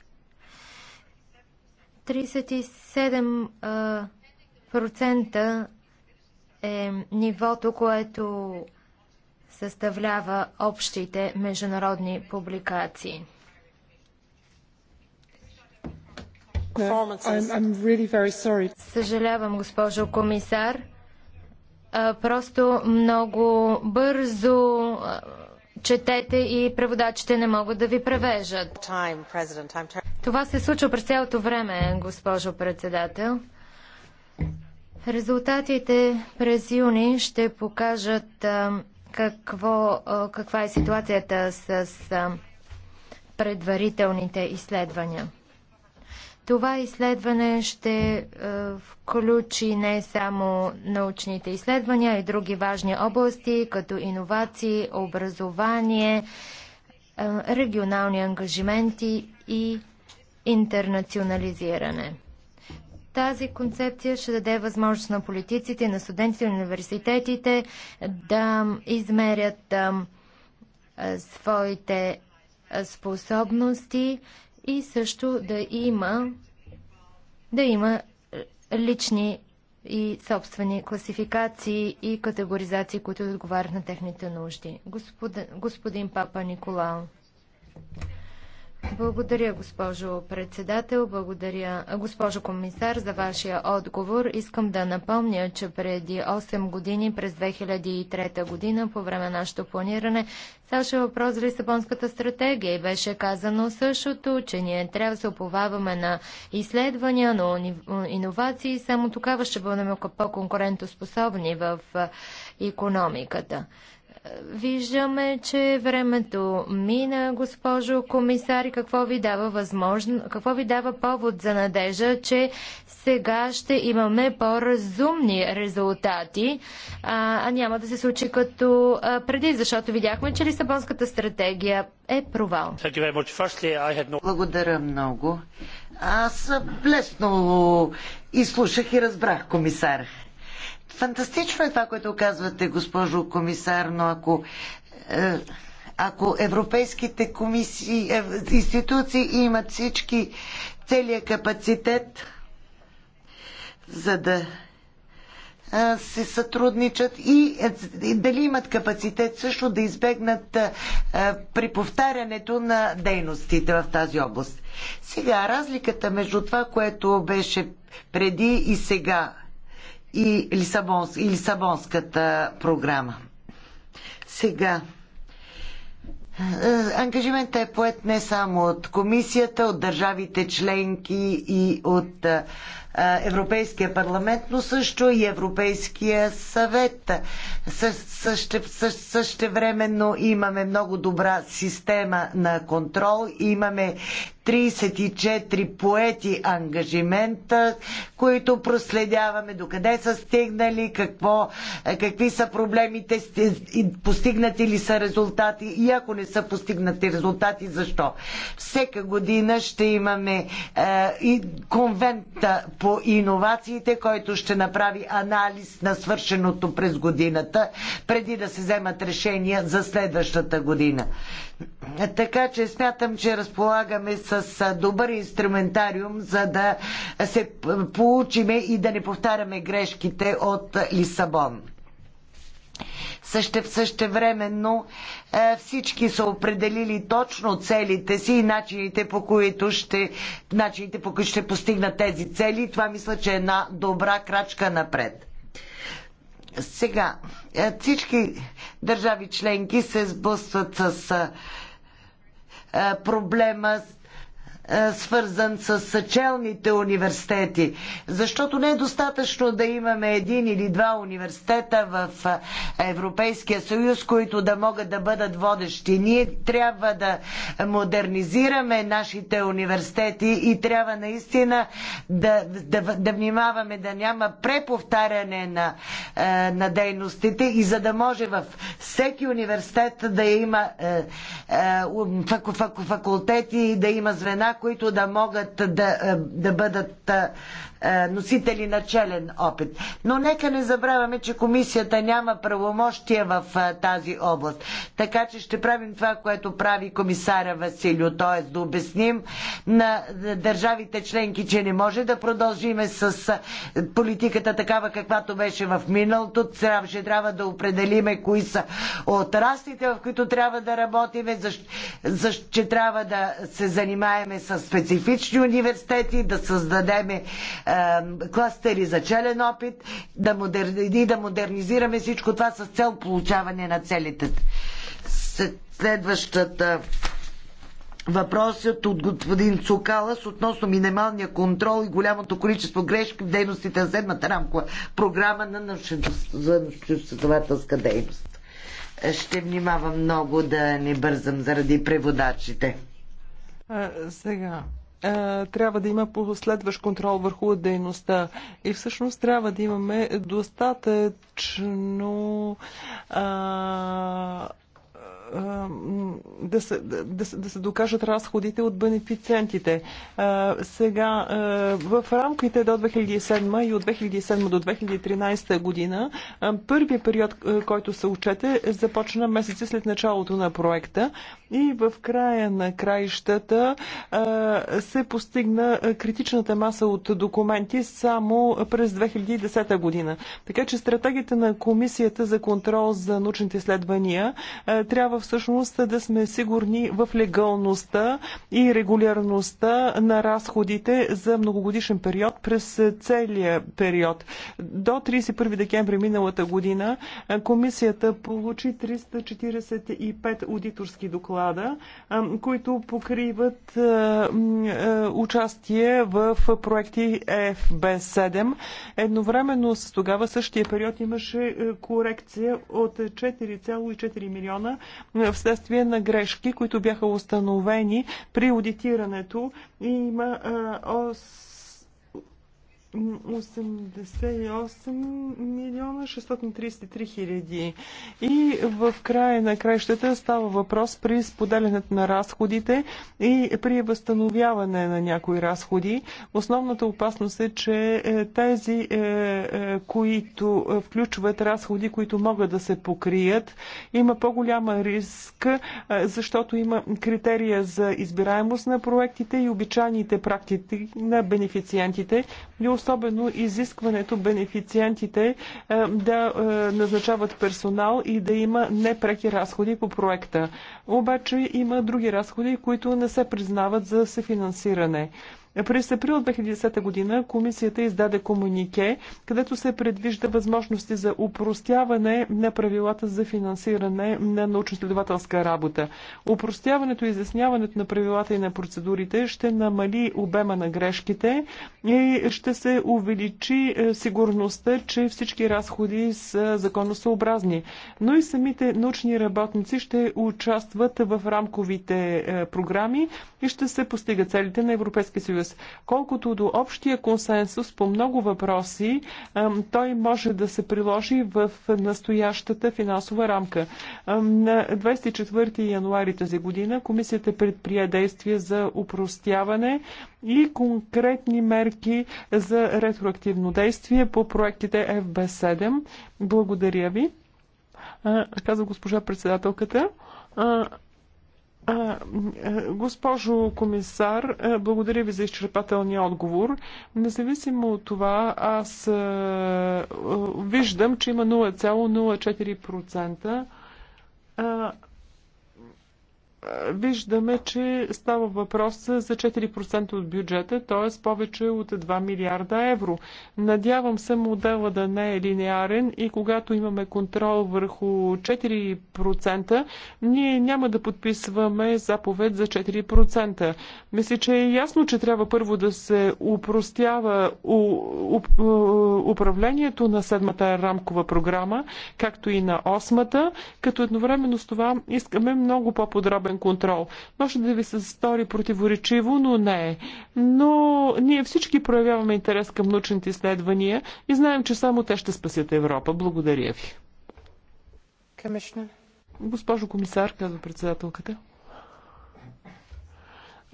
37 а, процента е нивото, което съставлява общите международни публикации. Съжалявам, госпожо комисар. просто много бързо четете и преводачите не могат да ви превежат. Това се случва през цялото време, госпожо председател. Резултатите през юни ще покажат а, какво, каква е ситуацията с предварителните изследвания. Това изследване ще включи не само научните изследвания, а и други важни области, като иновации, образование, регионални ангажименти и интернационализиране. Тази концепция ще даде възможност на политиците, на студентите, на университетите да измерят своите способности и също да има, да има лични и собствени класификации и категоризации, които отговарят на техните нужди. Господин, господин Папа Николао. Благодаря, госпожо председател, благодаря, госпожо комисар, за вашия отговор. Искам да напомня, че преди 8 години, през 2003 година, по време на нашето планиране, ставаше въпрос за Лисабонската стратегия и беше казано същото, че ние трябва да се оповаваме на изследвания, на иновации, само тогава ще бъдем по-конкурентоспособни в економиката. Виждаме, че времето мина, госпожо комисар, и какво ви дава възможно, какво ви дава повод за надежда, че сега ще имаме по-разумни резултати, а, а няма да се случи като а, преди, защото видяхме, че Лисабонската стратегия е провал. Благодаря много. Аз лесно изслушах и разбрах комисар. Фантастично е това, което казвате, госпожо комисар, но ако, е, ако европейските комисии, е, институции имат всички целият капацитет, за да е, се сътрудничат и дали имат капацитет също да избегнат при повтарянето на дейностите в тази област. Сега, разликата между това, което беше преди и сега и, Лисабонс, и Лисабонската програма. Сега, е, Ангажиментът е поет не само от комисията, от държавите членки и от е, Европейския парламент, но също и Европейския съвет. времено имаме много добра система на контрол, имаме 34 поети ангажимента, които проследяваме докъде са стигнали, какво, какви са проблемите, постигнати ли са резултати и ако не са постигнати резултати, защо. Всека година ще имаме е, и конвента по иновациите, който ще направи анализ на свършеното през годината, преди да се вземат решения за следващата година. Така че смятам, че разполагаме с добър инструментариум, за да се получиме и да не повтаряме грешките от Лисабон. Съще, същевременно е, всички са определили точно целите си и начините по които ще, начините по които ще постигнат тези цели. Това мисля, че е една добра крачка напред. Сега, е, всички държави членки се сблъсват с е, проблема с е, свързан с челните университети. Защото не е достатъчно да имаме един или два университета в е, Европейския съюз, които да могат да бъдат водещи. Ние трябва да модернизираме нашите университети и трябва наистина да, да, да внимаваме да няма преповтаряне на, е, на дейностите и за да може в всеки университет да има факултети и да има звена, които да могат да, да бъдат е, носители на челен опит. Но нека не забравяме, че комисията няма правомощия в е, тази област. Така че ще правим това, което прави комисаря Василио, т.е. да обясним на държавите членки, че не може да продължиме с е, политиката такава, каквато беше в миналото. Ще трябва да определиме кои са отраслите, в които трябва да работиме, че трябва да се занимаеме с специфични университети, да създадеме кластери за челен опит да модер... и да модернизираме всичко това с цел получаване на целите. Следващата въпросът е от господин Цукалас относно минималния контрол и голямото количество грешки в дейностите на седмата рамкова програма на научно-изследователска дейност. Ще внимавам много да не бързам заради преводачите. А, сега, е, трябва да има последващ контрол върху дейността. И всъщност трябва да имаме достатъчно а, е, да се, да, да се докажат разходите от бенефициентите. Сега, в рамките до 2007 и от 2007 до 2013 година, първият период, който се учете, е започна месеци след началото на проекта и в края на краищата се постигна критичната маса от документи само през 2010 година. Така че стратегията на Комисията за контрол за научните изследвания трябва всъщност да сме сигурни в легалността и регулярността на разходите за многогодишен период през целия период. До 31 декември миналата година комисията получи 345 аудиторски доклада, които покриват участие в проекти EFB7. Едновременно с тогава същия период имаше корекция от 4,4 милиона вследствие на грешки, които бяха установени при аудитирането. и Има 88 милиона 633 хиляди. И в края на краищата става въпрос при споделянето на разходите и при възстановяване на някои разходи. Основната опасност е, че е, тези, е, е, които включват разходи, които могат да се покрият, има по-голяма риск, защото има критерия за избираемост на проектите и обичайните практики на бенефициентите. И особено изискването бенефициентите е, да е, назначават персонал и да има непреки разходи по проекта. Обаче има други разходи, които не се признават за съфинансиране. През април 2010 година комисията издаде комунике, където се предвижда възможности за упростяване на правилата за финансиране на научно-следователска работа. Упростяването и изясняването на правилата и на процедурите ще намали обема на грешките и ще се увеличи е, сигурността, че всички разходи са законосъобразни. Но и самите научни работници ще участват в рамковите е, програми и ще се постигат целите на Европейския съюз съюз. Колкото до общия консенсус по много въпроси, той може да се приложи в настоящата финансова рамка. На 24 януари тази година комисията предприе действия за упростяване и конкретни мерки за ретроактивно действие по проектите FB7. Благодаря ви, Казва госпожа председателката. Госпожо комисар, благодаря ви за изчерпателния отговор. Независимо от това, аз виждам, че има 0,04% виждаме, че става въпрос за 4% от бюджета, т.е. повече от 2 милиарда евро. Надявам се модела да не е линеарен и когато имаме контрол върху 4%, ние няма да подписваме заповед за 4%. Мисля, че е ясно, че трябва първо да се упростява управлението на седмата рамкова програма, както и на осмата, като едновременно с това искаме много по-подробен държавен контрол. Може да ви се стори противоречиво, но не е. Но ние всички проявяваме интерес към научните изследвания и знаем, че само те ще спасят Европа. Благодаря ви. Комишна. Госпожо комисар, казва председателката.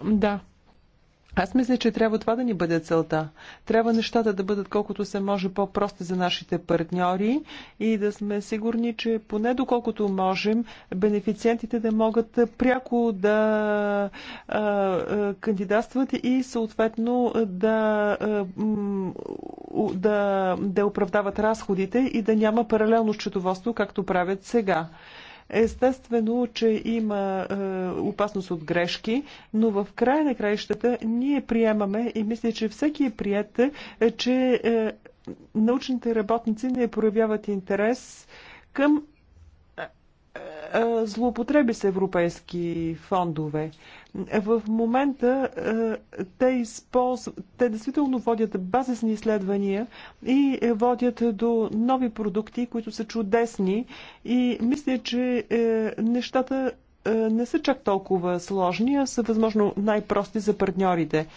Да. Аз мисля, че трябва това да ни бъде целта. Трябва нещата да бъдат колкото се може по-прости за нашите партньори и да сме сигурни, че поне доколкото можем, бенефициентите да могат пряко да а, а, кандидатстват и съответно да, а, да, да оправдават разходите и да няма паралелно счетоводство, както правят сега. Естествено, че има е, опасност от грешки, но в края на краищата ние приемаме и мисля, че всеки е прият, е, че е, научните работници не проявяват интерес към е, злоупотреби с европейски фондове. В момента е, те, използват, те действително водят базисни изследвания и водят до нови продукти, които са чудесни и мисля, че е, нещата не са чак толкова сложни, а са възможно най-прости за партньорите.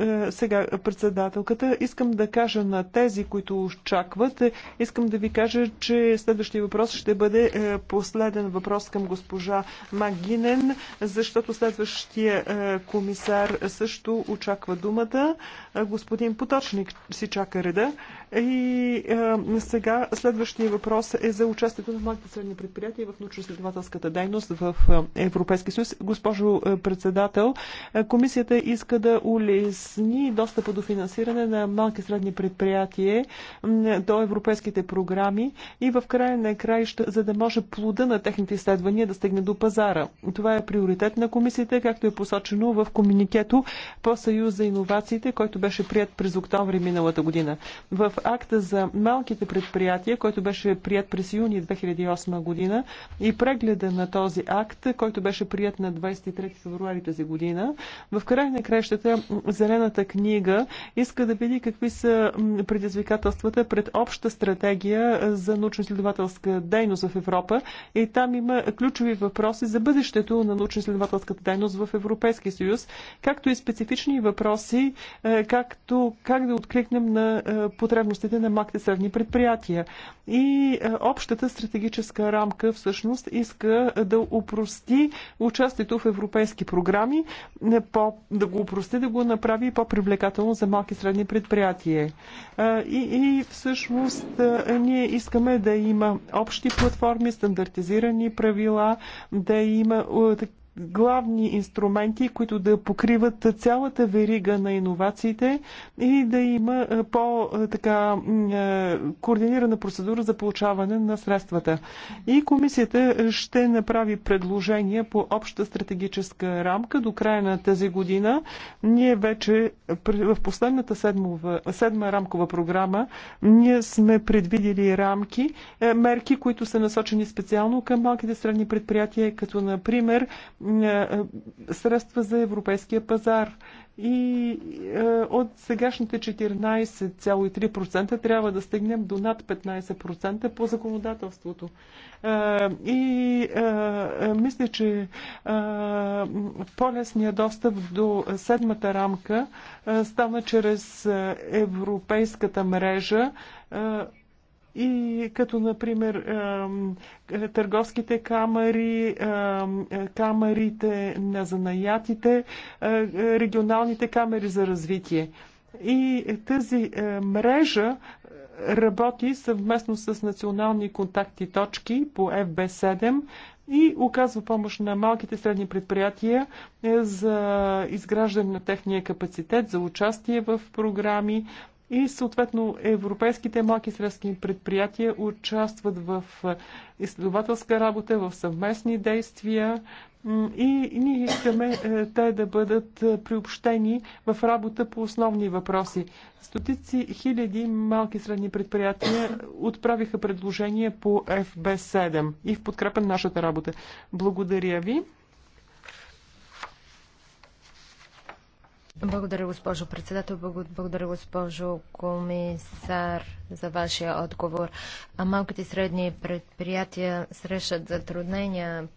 Е, сега, председателката, искам да кажа на тези, които очакват, е, искам да ви кажа, че следващия въпрос ще бъде е, последен въпрос към госпожа Магинен, защото следващия комисар също очаква думата. Господин Поточник си чака реда. И е, сега следващия въпрос е за участието на малките средни предприятия в научно-следователската дейност в е, Европейски съюз. Госпожо е, председател, е, комисията иска да улесни достъпа до финансиране на малки и средни предприятия до европейските програми и в края на краища, за да може плода на техните изследвания да стигне до пазара. Това е приоритет на комисията, както е посочено в комуникето по Съюз за иновациите, който беше прият през октомври миналата година. В акта за малките предприятия, който беше прият през юни 2008 година и прегледа на този акт, който беше прият на 23 февруари тази година, в край на крещата Зелената книга иска да види какви са предизвикателствата пред обща стратегия за научно следователска дейност в Европа и там има ключови въпроси за бъдещето на научно следователската дейност в Европейския съюз, както и специфични въпроси, както как да откликнем на потребност потребностите на малките средни предприятия. И е, общата стратегическа рамка всъщност иска да упрости участието в европейски програми, е, по, да го упрости, да го направи по-привлекателно за малки и средни предприятия. Е, и, и всъщност ние искаме да има общи платформи, стандартизирани правила, да има главни инструменти, които да покриват цялата верига на иновациите и да има е, по-така е, координирана процедура за получаване на средствата. И комисията ще направи предложения по обща стратегическа рамка до края на тази година. Ние вече в последната седмова, седма рамкова програма ние сме предвидили рамки, е, мерки, които са насочени специално към малките средни предприятия, като например е, средства за европейския пазар. И е, от сегашните 14,3% трябва да стигнем до над 15% по законодателството. Е, и е, е, мисля, че е, по-лесният достъп до седмата рамка е, стана чрез е, европейската мрежа. Е, и като например търговските камери, е, камерите на занаятите, е, е, регионалните камери за развитие. И тази мрежа работи съвместно с национални контакти точки по FB7 и оказва помощ на малките средни предприятия за изграждане на техния капацитет за участие в програми, и съответно европейските малки и средски предприятия участват в е, изследователска работа, в съвместни действия и ние искаме е, те да бъдат е, приобщени в работа по основни въпроси. Стотици хиляди малки и средни предприятия отправиха предложения по FB7 и в подкрепа на нашата работа. Благодаря ви. Благодаря, госпожо председател. Благодаря, госпожо комисар, за вашия отговор. А малките и средни предприятия срещат затруднения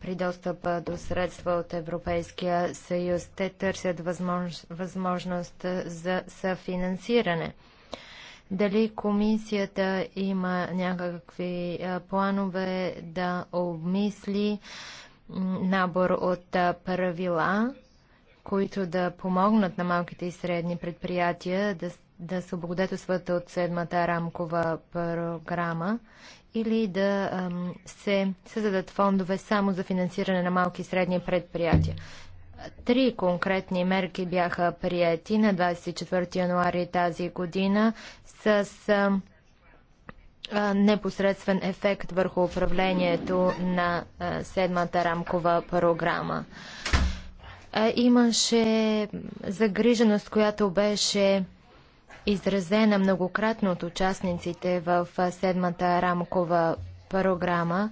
при достъпа до средства от Европейския съюз. Те търсят възможност за съфинансиране. Дали комисията има някакви планове да обмисли набор от правила, които да помогнат на малките и средни предприятия да, да се облагодетелстват от седмата рамкова програма или да ам, се създадат фондове само за финансиране на малки и средни предприятия. Три конкретни мерки бяха приети на 24 януари тази година с ам, непосредствен ефект върху управлението на седмата рамкова програма. Имаше загриженост, която беше изразена многократно от участниците в седмата рамкова програма.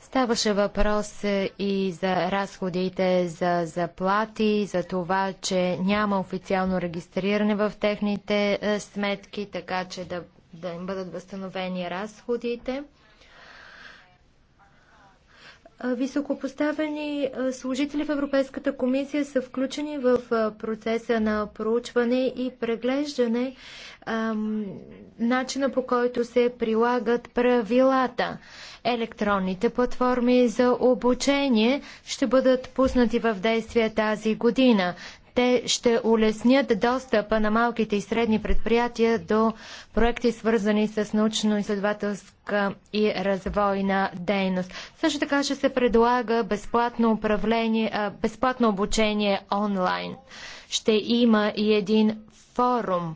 Ставаше въпрос и за разходите за заплати, за това, че няма официално регистриране в техните сметки, така че да, да им бъдат възстановени разходите. Високопоставени служители в Европейската комисия са включени в процеса на проучване и преглеждане ам, начина по който се прилагат правилата. Електронните платформи за обучение ще бъдат пуснати в действие тази година. Те ще улеснят достъпа на малките и средни предприятия до проекти, свързани с научно-изследователска и развойна дейност. Също така ще се предлага безплатно, управление, безплатно обучение онлайн. Ще има и един форум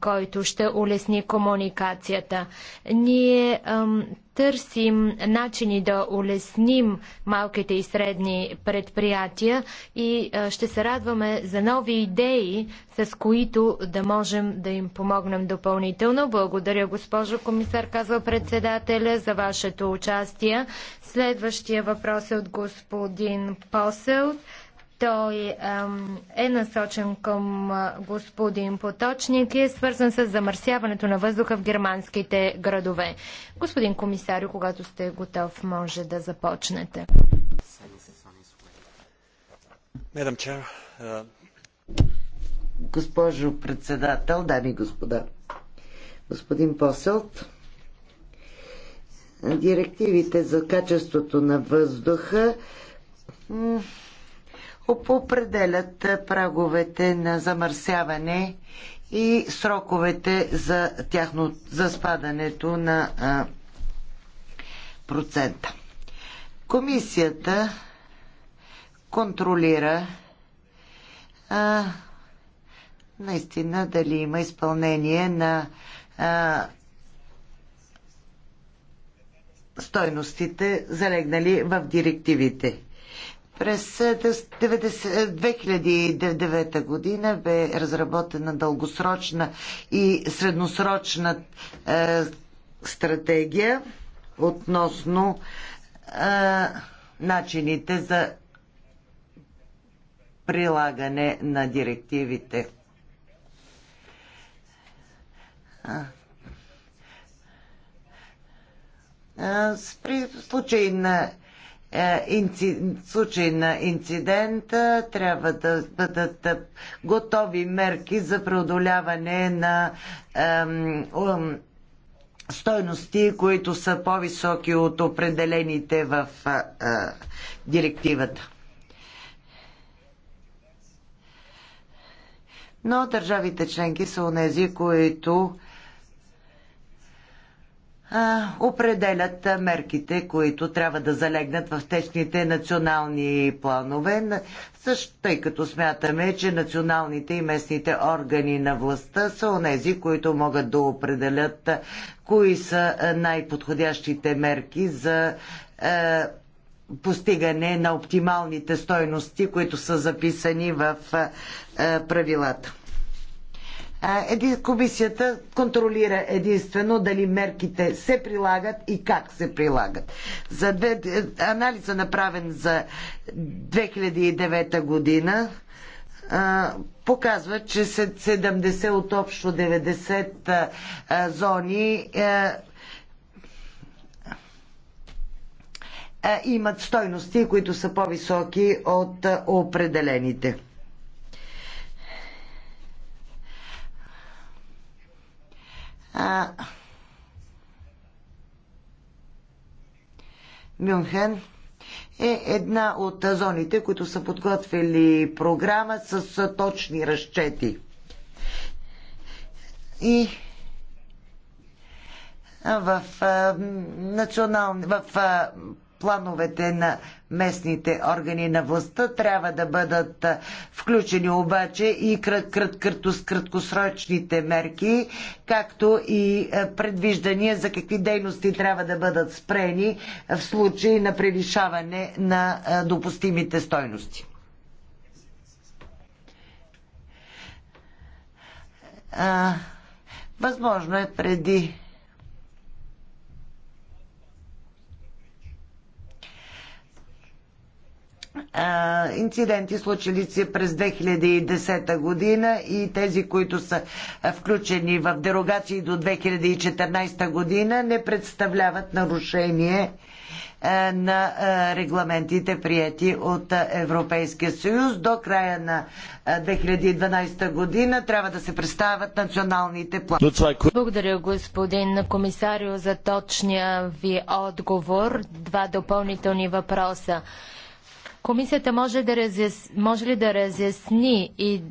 който ще улесни комуникацията. Ние ам, търсим начини да улесним малките и средни предприятия и ще се радваме за нови идеи, с които да можем да им помогнем допълнително. Благодаря, госпожо комисар, казва председателя, за вашето участие. Следващия въпрос е от господин Посел. Той е насочен към господин Поточник и е свързан с замърсяването на въздуха в германските градове. Господин комисар, когато сте готов, може да започнете. Uh, Госпожо председател, дами и господа, господин Поселт, директивите за качеството на въздуха определят е, праговете на замърсяване и сроковете за, тяхно, за спадането на а, процента. Комисията контролира а, наистина дали има изпълнение на а, стойностите, залегнали в директивите. През 2009 година бе разработена дългосрочна и средносрочна е, стратегия относно е, начините за прилагане на директивите. При случай на е, инци... случай на инцидента трябва да бъдат готови мерки за преодоляване на ем, стойности, които са по-високи от определените в е, директивата. Но държавите членки са онези, които определят мерките, които трябва да залегнат в техните национални планове, също тъй като смятаме, че националните и местните органи на властта са онези, които могат да определят кои са най-подходящите мерки за постигане на оптималните стойности, които са записани в правилата. Еди, комисията контролира единствено дали мерките се прилагат и как се прилагат. За две, е, анализа направен за 2009 година показва, че 70 от общо 90 зони е, е, имат стойности, които са по-високи от определените. А, Мюнхен е една от зоните, които са подготвили програма с точни разчети. И в, национал, в плановете на местните органи на властта. Трябва да бъдат включени обаче и краткосрочните мерки, както и предвиждания за какви дейности трябва да бъдат спрени в случай на превишаване на допустимите стойности. А, възможно е преди инциденти, случили се през 2010 година и тези, които са включени в дерогации до 2014 година, не представляват нарушение на регламентите, прияти от Европейския съюз. До края на 2012 година трябва да се представят националните плани. Е Благодаря, господин комисарио, за точния ви отговор. Два допълнителни въпроса. Комисията може, да разяс... може ли да разясни и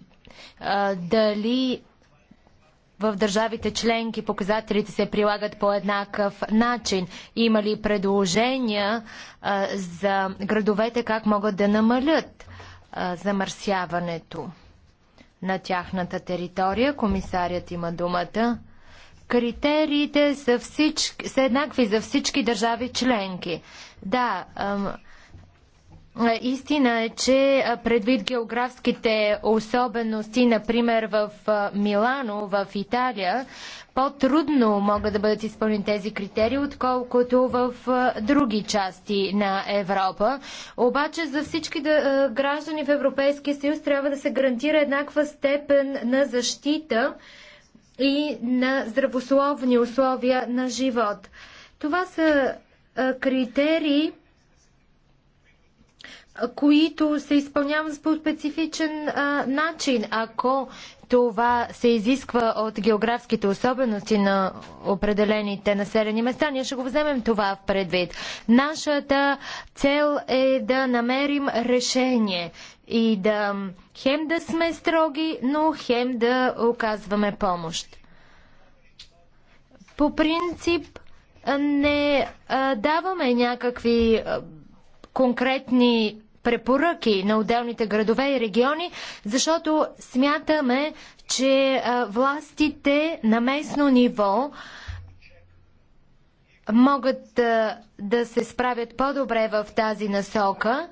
а, дали в държавите членки показателите се прилагат по еднакъв начин? Има ли предложения а, за градовете как могат да намалят а, замърсяването на тяхната територия? Комисарят има думата. Критериите са, всички, са еднакви за всички държави членки. Да, а, Истина е, че предвид географските особености, например в Милано, в Италия, по-трудно могат да бъдат изпълнени тези критерии, отколкото в други части на Европа. Обаче за всички да, граждани в Европейския съюз трябва да се гарантира еднаква степен на защита и на здравословни условия на живот. Това са критерии, които се изпълняват по специфичен а, начин. Ако това се изисква от географските особености на определените населени места, ние ще го вземем това в предвид. Нашата цел е да намерим решение и да хем да сме строги, но хем да оказваме помощ. По принцип не а, даваме някакви а, конкретни препоръки на отделните градове и региони, защото смятаме, че властите на местно ниво могат да, да се справят по-добре в тази насока.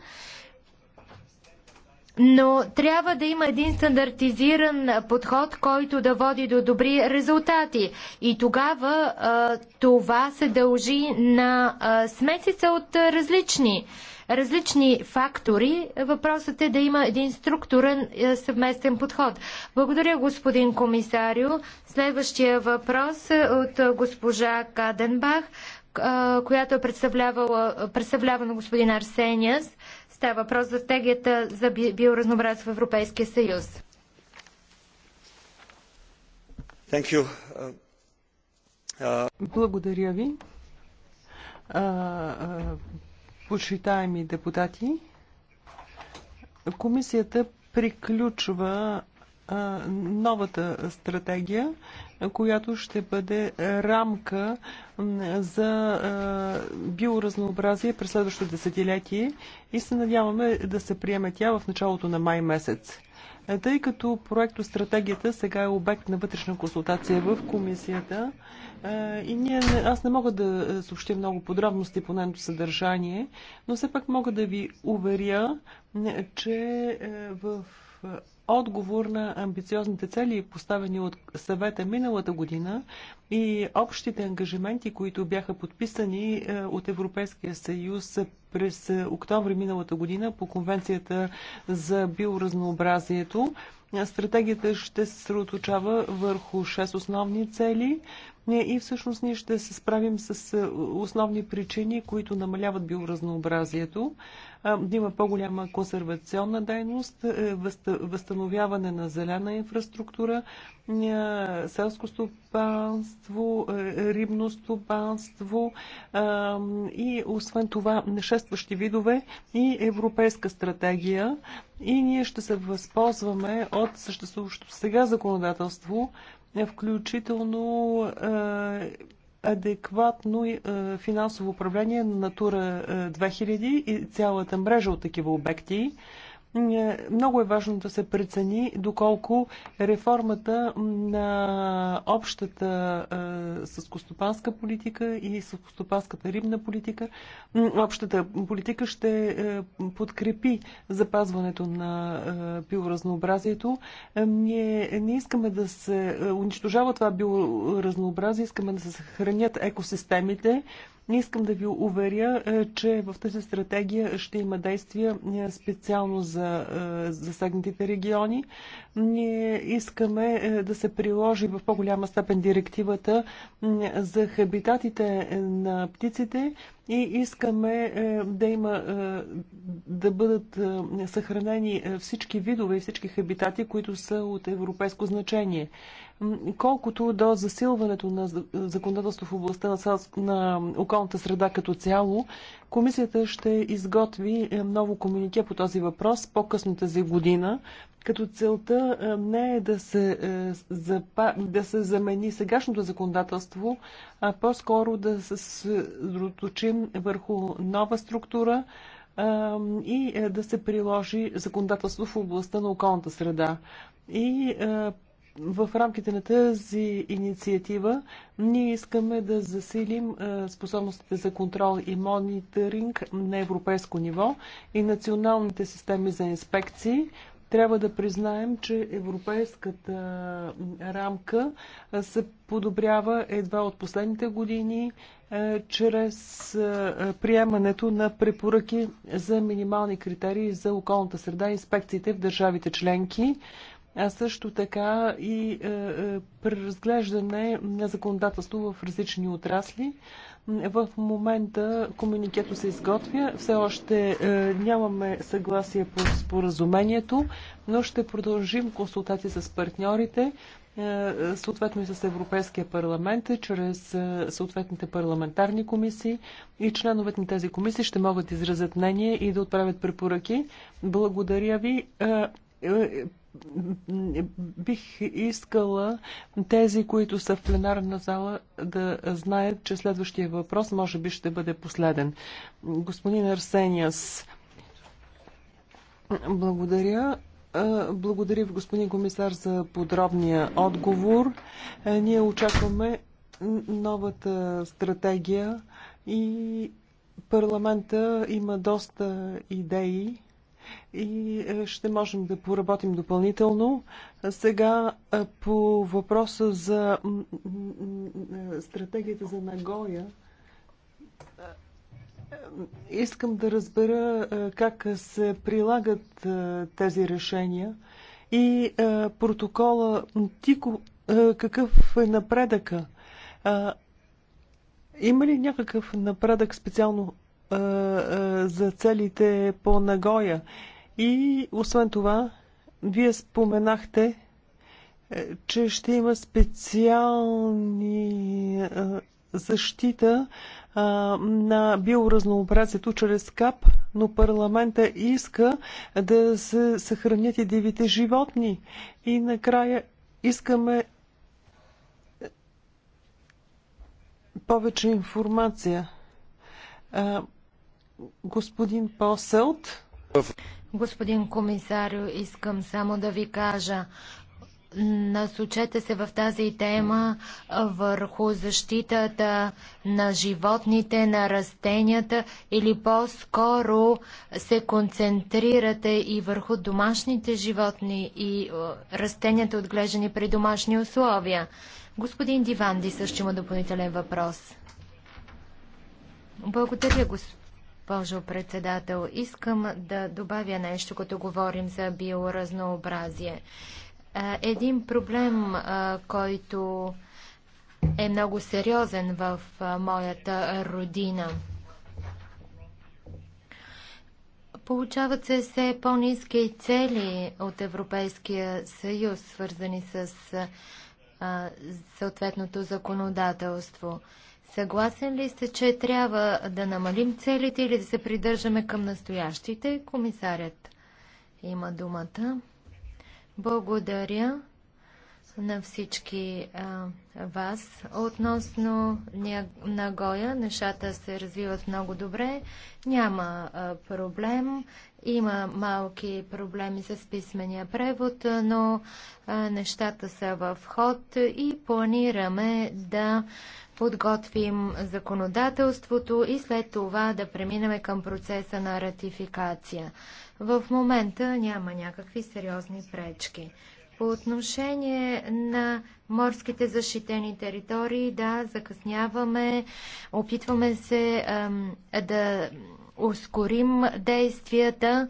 Но трябва да има един стандартизиран подход, който да води до добри резултати. И тогава а, това се дължи на а, смесица от различни а, различни фактори. Въпросът е да има един структурен е, съвместен подход. Благодаря, господин комисарио. Следващия въпрос е от е, госпожа Каденбах, е, която е представлява на господин Арсениас. Става въпрос за стратегията за биоразнообразие в Европейския съюз. Благодаря ви почитаеми депутати, комисията приключва новата стратегия, която ще бъде рамка за биоразнообразие през следващото десетилетие и се надяваме да се приеме тя в началото на май месец. Тъй като проекто стратегията сега е обект на вътрешна консултация в комисията е, и ние, аз не мога да съобщя много подробности по нейното съдържание, но все пак мога да ви уверя, е, че е, в отговор на амбициозните цели, поставени от съвета миналата година и общите ангажименти, които бяха подписани е, от Европейския съюз през октомври миналата година по Конвенцията за биоразнообразието. Стратегията ще се съсредоточава върху 6 основни цели е, и всъщност ние ще се справим с е, основни причини, които намаляват биоразнообразието да има по-голяма консервационна дейност, е, възстановяване на зелена инфраструктура, е, селско стопанство, е, рибно стопанство и освен това нашестващи видове и европейска стратегия. И ние ще се възползваме от съществуващото сега законодателство, включително адекватно е, финансово управление на Натура 2000 е, и цялата мрежа от такива обекти. Много е важно да се прецени доколко реформата на общата съскостопанска политика и съскостопанската рибна политика, общата политика ще подкрепи запазването на биоразнообразието. Ние не искаме да се унищожава това биоразнообразие, искаме да се съхранят екосистемите, не искам да ви уверя, е, че в тази стратегия ще има действия е, специално за е, засегнатите региони. Ние искаме да се приложи в по-голяма степен директивата за хабитатите на птиците и искаме е, да има е, да бъдат е, съхранени всички видове и всички хабитати, които са от европейско значение. Колкото до засилването на законодателство в областта на, околната среда като цяло, Комисията ще изготви е, ново комунике по този въпрос по-късно тази година, като целта е, не е да се, е, да се замени сегашното законодателство, а по-скоро да се съсредоточим върху нова структура и да се приложи законодателство в областта на околната среда. И в рамките на тази инициатива ние искаме да засилим способностите за контрол и мониторинг на европейско ниво и националните системи за инспекции. Трябва да признаем, че европейската рамка се подобрява едва от последните години чрез приемането на препоръки за минимални критерии за околната среда и инспекциите в държавите членки а също така и е, е, преразглеждане на законодателство в различни отрасли. В момента комуникето се изготвя. Все още е, нямаме съгласие по споразумението, но ще продължим консултации с партньорите, съответно и с Европейския парламент, чрез съответните парламентарни комисии и членовете на тези комисии ще могат да изразят мнение и да отправят препоръки. Благодаря ви бих искала тези, които са в пленарна зала, да знаят, че следващия въпрос може би ще бъде последен. Господин Арсениас, благодаря. Благодаря ви, господин комисар, за подробния отговор. Ние очакваме новата стратегия и парламента има доста идеи и е, ще можем да поработим допълнително. Сега е, по въпроса за е, стратегията за Нагоя. Искам да разбера как се прилагат тези решения и протокола Тико, какъв е напредъка? Има ли някакъв напредък специално за целите по Нагоя? И освен това, вие споменахте, е, че ще има специални е, защита е, на биоразнообразието чрез КАП, но парламента иска да се съхранят и дивите животни. И накрая искаме повече информация. господин Поселт. Господин комисар, искам само да ви кажа, насочете се в тази тема върху защитата на животните, на растенията или по-скоро се концентрирате и върху домашните животни и е, растенията отглеждани при домашни условия. Господин Диванди също има допълнителен въпрос. Благодаря, господин госпожо председател. Искам да добавя нещо, като говорим за биоразнообразие. Един проблем, който е много сериозен в моята родина. Получават се все по-низки цели от Европейския съюз, свързани с съответното законодателство. Съгласен ли сте, че трябва да намалим целите или да се придържаме към настоящите? Комисарят има думата. Благодаря на всички а, вас. Относно Нагоя, нещата се развиват много добре. Няма а, проблем. Има малки проблеми с писмения превод, но а, нещата са в ход и планираме да подготвим законодателството и след това да преминем към процеса на ратификация. В момента няма някакви сериозни пречки. По отношение на морските защитени територии, да, закъсняваме, опитваме се ам, да ускорим действията.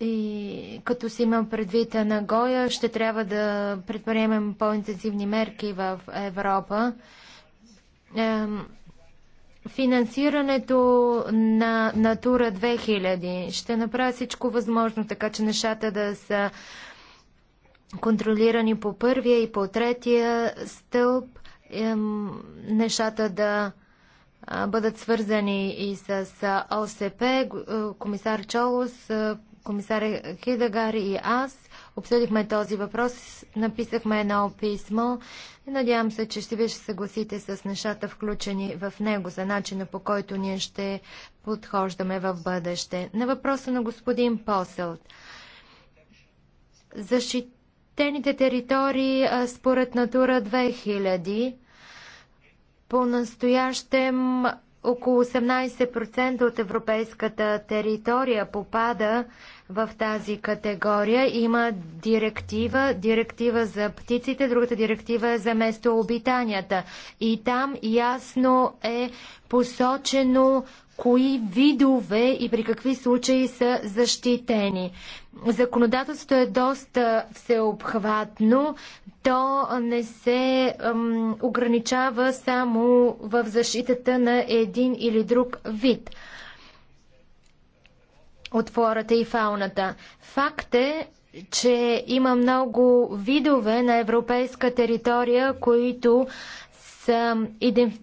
И като си имам предвид Нагоя, ще трябва да предприемем по-интензивни мерки в Европа. Ем, Финансирането на Натура 2000 ще направя всичко възможно, така че нещата да са контролирани по първия и по третия стълб, нещата да бъдат свързани и с ОСП. Комисар Чолос, комисар Хидагар и аз обсъдихме този въпрос, написахме едно писмо Надявам се, че ще ви ще съгласите с нещата, включени в него, за начина по който ние ще подхождаме в бъдеще. На въпроса на господин Поселт. Защитените територии според Натура 2000 по-настоящем около 18% от европейската територия попада в тази категория. Има директива, директива за птиците, другата директива е за местообитанията. И там ясно е посочено кои видове и при какви случаи са защитени. Законодателството е доста всеобхватно. То не се ам, ограничава само в защитата на един или друг вид от флората и фауната. Факт е, че има много видове на европейска територия, които са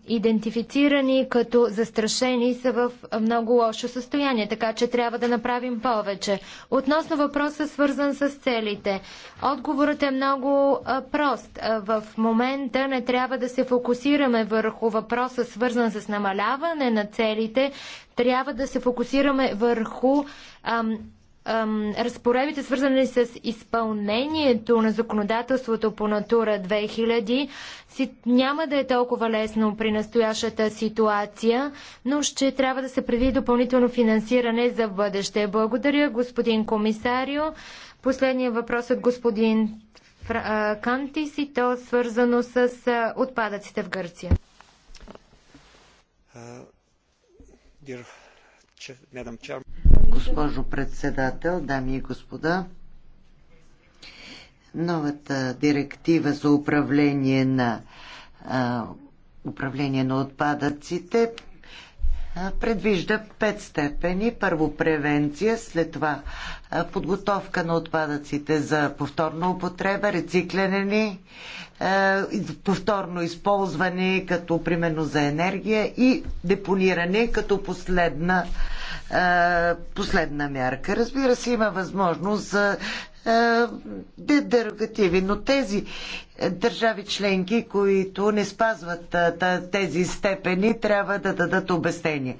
идентифицирани като застрашени и са в много лошо състояние, така че трябва да направим повече. Относно въпроса свързан с целите, отговорът е много прост. в момента не трябва да се фокусираме върху въпроса свързан с намаляване на целите, трябва да се фокусираме върху ам, ам, разпоредите, свързани с изпълнението на законодателството по Натура 2000. Си, няма да е толкова лесно при настоящата ситуация, но ще трябва да се предвиди допълнително финансиране за бъдеще. Благодаря, господин комисарио. Последният въпрос от господин Кантис и то свързано с отпадъците в Гърция. Госпожо председател, дами и господа, новата директива за управление на а, управление на отпадъците предвижда пет степени. Първо превенция, след това подготовка на отпадъците за повторна употреба, рецикляне ни, повторно използване като примерно за енергия и депониране като последна последна мярка. Разбира се, има възможност за е, дерогативи, но тези държави членки, които не спазват е, тези степени, трябва да дадат обяснение.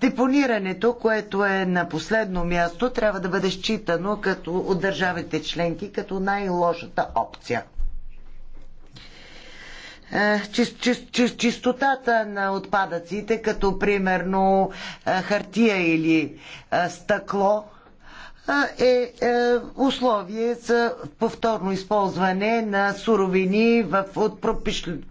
Депонирането, което е на последно място, трябва да бъде считано като, от държавите членки като най-лошата опция. Е, чистотата на отпадъците, като примерно хартия или стъкло, е, е условие за повторно използване на суровини в, от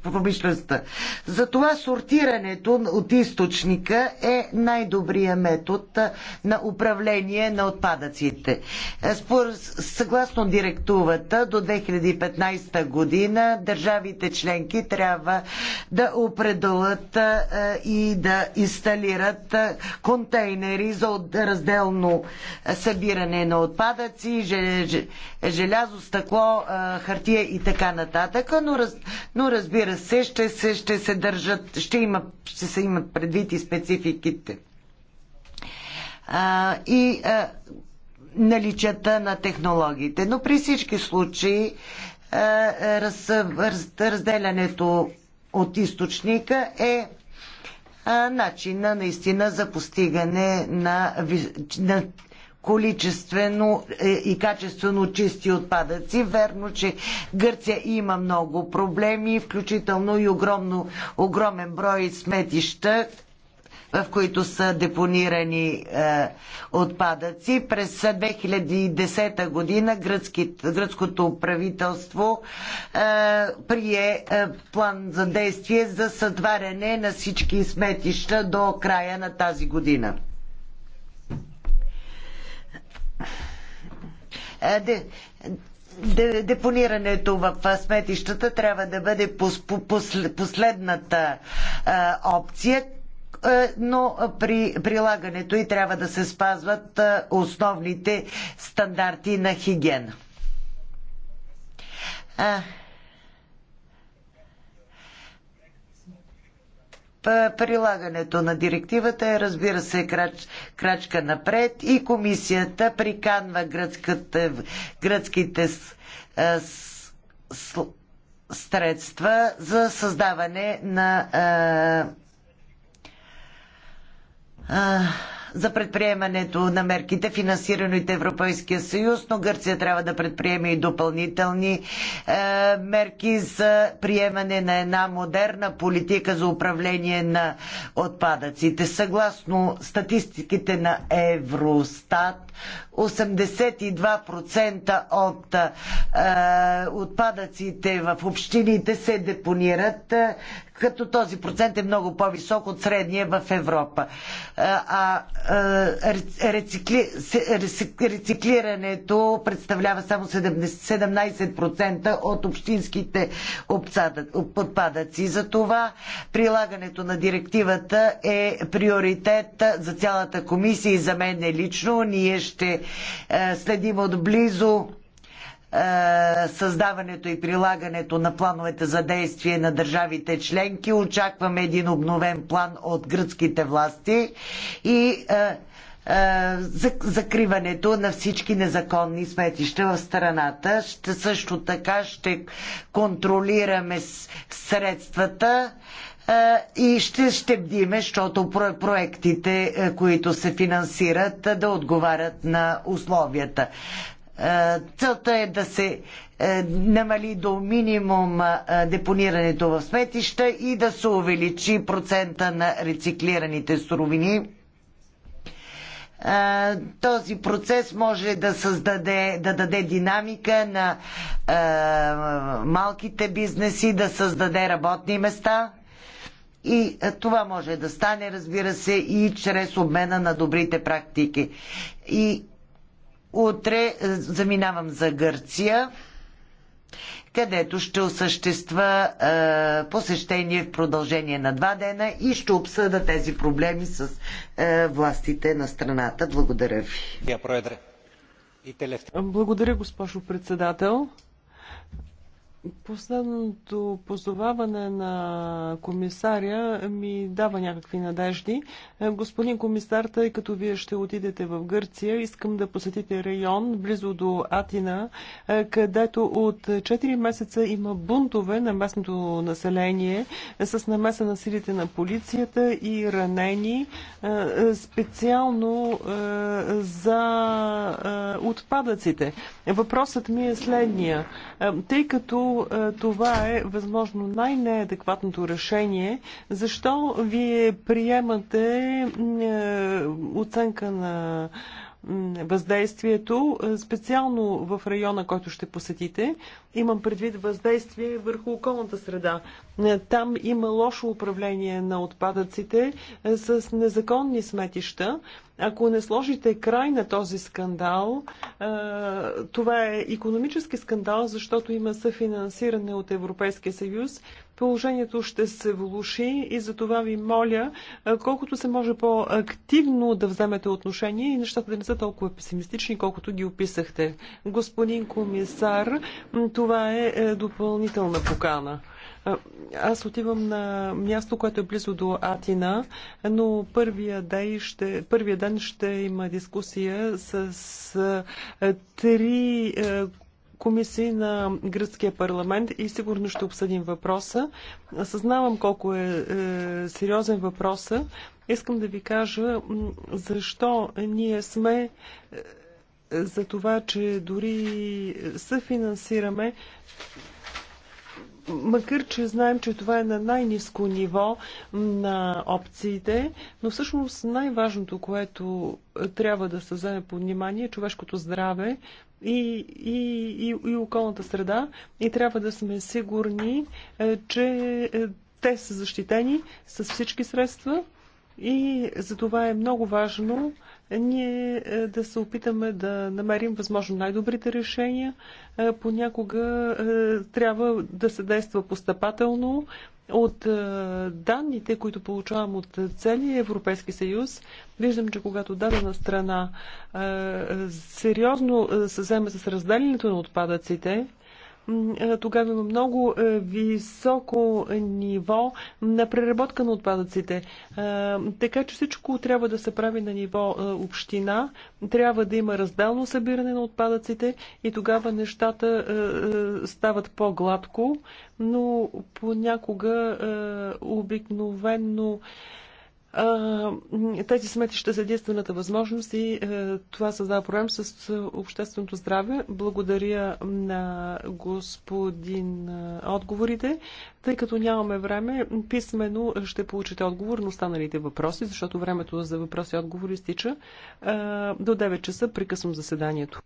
промишлеността. Затова сортирането от източника е най-добрият метод на управление на отпадъците. Е, съгласно директувата, до 2015 година държавите членки трябва да определят и да инсталират контейнери за разделно събиране събиране на отпадъци, желязо, стъкло, хартия и така нататък, но, раз, но разбира се, ще се, ще се държат, ще, има, ще се имат предвид и спецификите. А, и а, наличата на технологиите. Но при всички случаи а, раз, раз, разделянето от източника е начина наистина за постигане на, на количествено е, и качествено чисти отпадъци. Верно, че Гърция има много проблеми, включително и огромно, огромен брой сметища, в които са депонирани е, отпадъци. През 2010 година гръцки, гръцкото правителство е, прие е, план за действие за сътваряне на всички сметища до края на тази година. Е, депонирането в сметищата трябва да бъде последната е, опция, е, но при прилагането и трябва да се спазват основните стандарти на хигиена. Прилагането на директивата е, разбира се, крач, крачка напред и комисията приканва гръцката, гръцките с, с, с, средства за създаване на а, а, за предприемането на мерките, финансирани от Европейския съюз, но Гърция трябва да предприеме и допълнителни е, мерки за приемане на една модерна политика за управление на отпадъците. Съгласно статистиките на Евростат, 82% от отпадъците в общините се депонират, като този процент е много по-висок от средния в Европа. А, рецикли... рециклирането представлява само 17% от общинските отпадъци. Затова прилагането на директивата е приоритет за цялата комисия и за мен лично. Ние ще е, следим отблизо е, създаването и прилагането на плановете за действие на държавите членки. Очакваме един обновен план от гръцките власти и е, закриването на всички незаконни сметища в страната. Ще, също така ще контролираме средствата и ще бдиме, защото проектите, които се финансират, да отговарят на условията. Целта е да се намали до минимум депонирането в сметища и да се увеличи процента на рециклираните суровини този процес може да създаде, да даде динамика на малките бизнеси, да създаде работни места и е, това може да стане, разбира се, и чрез обмена на добрите практики. И утре е, заминавам за Гърция, където ще осъществя е, посещение в продължение на два дена и ще обсъда тези проблеми с е, властите на страната. Благодаря ви. Благодаря, госпожо председател. Последното позоваване на комисаря ми дава някакви надежди. Е, господин комисар, тъй като вие ще отидете в Гърция, искам да посетите район близо до Атина, е, където от 4 месеца има бунтове на местното население е, с намеса на силите на полицията и ранени специално за отпадъците. Въпросът ми е следния. Тъй като е, това е възможно най-неадекватното решение. Защо вие приемате е, оценка на въздействието, е, специално в района, който ще посетите. Имам предвид въздействие върху околната среда. Е, там има лошо управление на отпадъците е, с незаконни сметища. Ако не сложите край на този скандал, това е економически скандал, защото има съфинансиране от Европейския съюз положението ще се влуши и за това ви моля, колкото се може по-активно да вземете отношение и нещата да не са толкова песимистични, колкото ги описахте. Господин комисар, това е, е допълнителна покана. Аз отивам на място, което е близо до Атина, но първия ден ще, първия ден ще има дискусия с, с три комисии на гръцкия парламент и сигурно ще обсъдим въпроса. Съзнавам колко е, е сериозен въпроса. Искам да ви кажа защо ние сме е, за това, че дори съфинансираме макар че знаем, че това е на най-низко ниво на опциите, но всъщност най-важното, което трябва да се вземе под внимание е човешкото здраве, и, и, и, и околната среда и трябва да сме сигурни, е, че е, те са защитени с всички средства и за това е много важно е, ние да се опитаме да намерим възможно най-добрите решения. Понякога трябва да се действа постъпателно, от е, данните, които получавам от целия Европейски съюз, виждам, че когато дадена страна е, сериозно е, се вземе с разделянето на отпадъците, тогава има много високо ниво на преработка на отпадъците. Така че всичко трябва да се прави на ниво община, трябва да има разделно събиране на отпадъците и тогава нещата стават по-гладко, но понякога обикновено тези сметища са единствената възможност и е, това създава проблем с е, общественото здраве. Благодаря на господин е, отговорите. Тъй като нямаме време, писменно ще получите отговор на останалите въпроси, защото времето за въпроси и отговори стича. До 9 часа прекъсвам заседанието.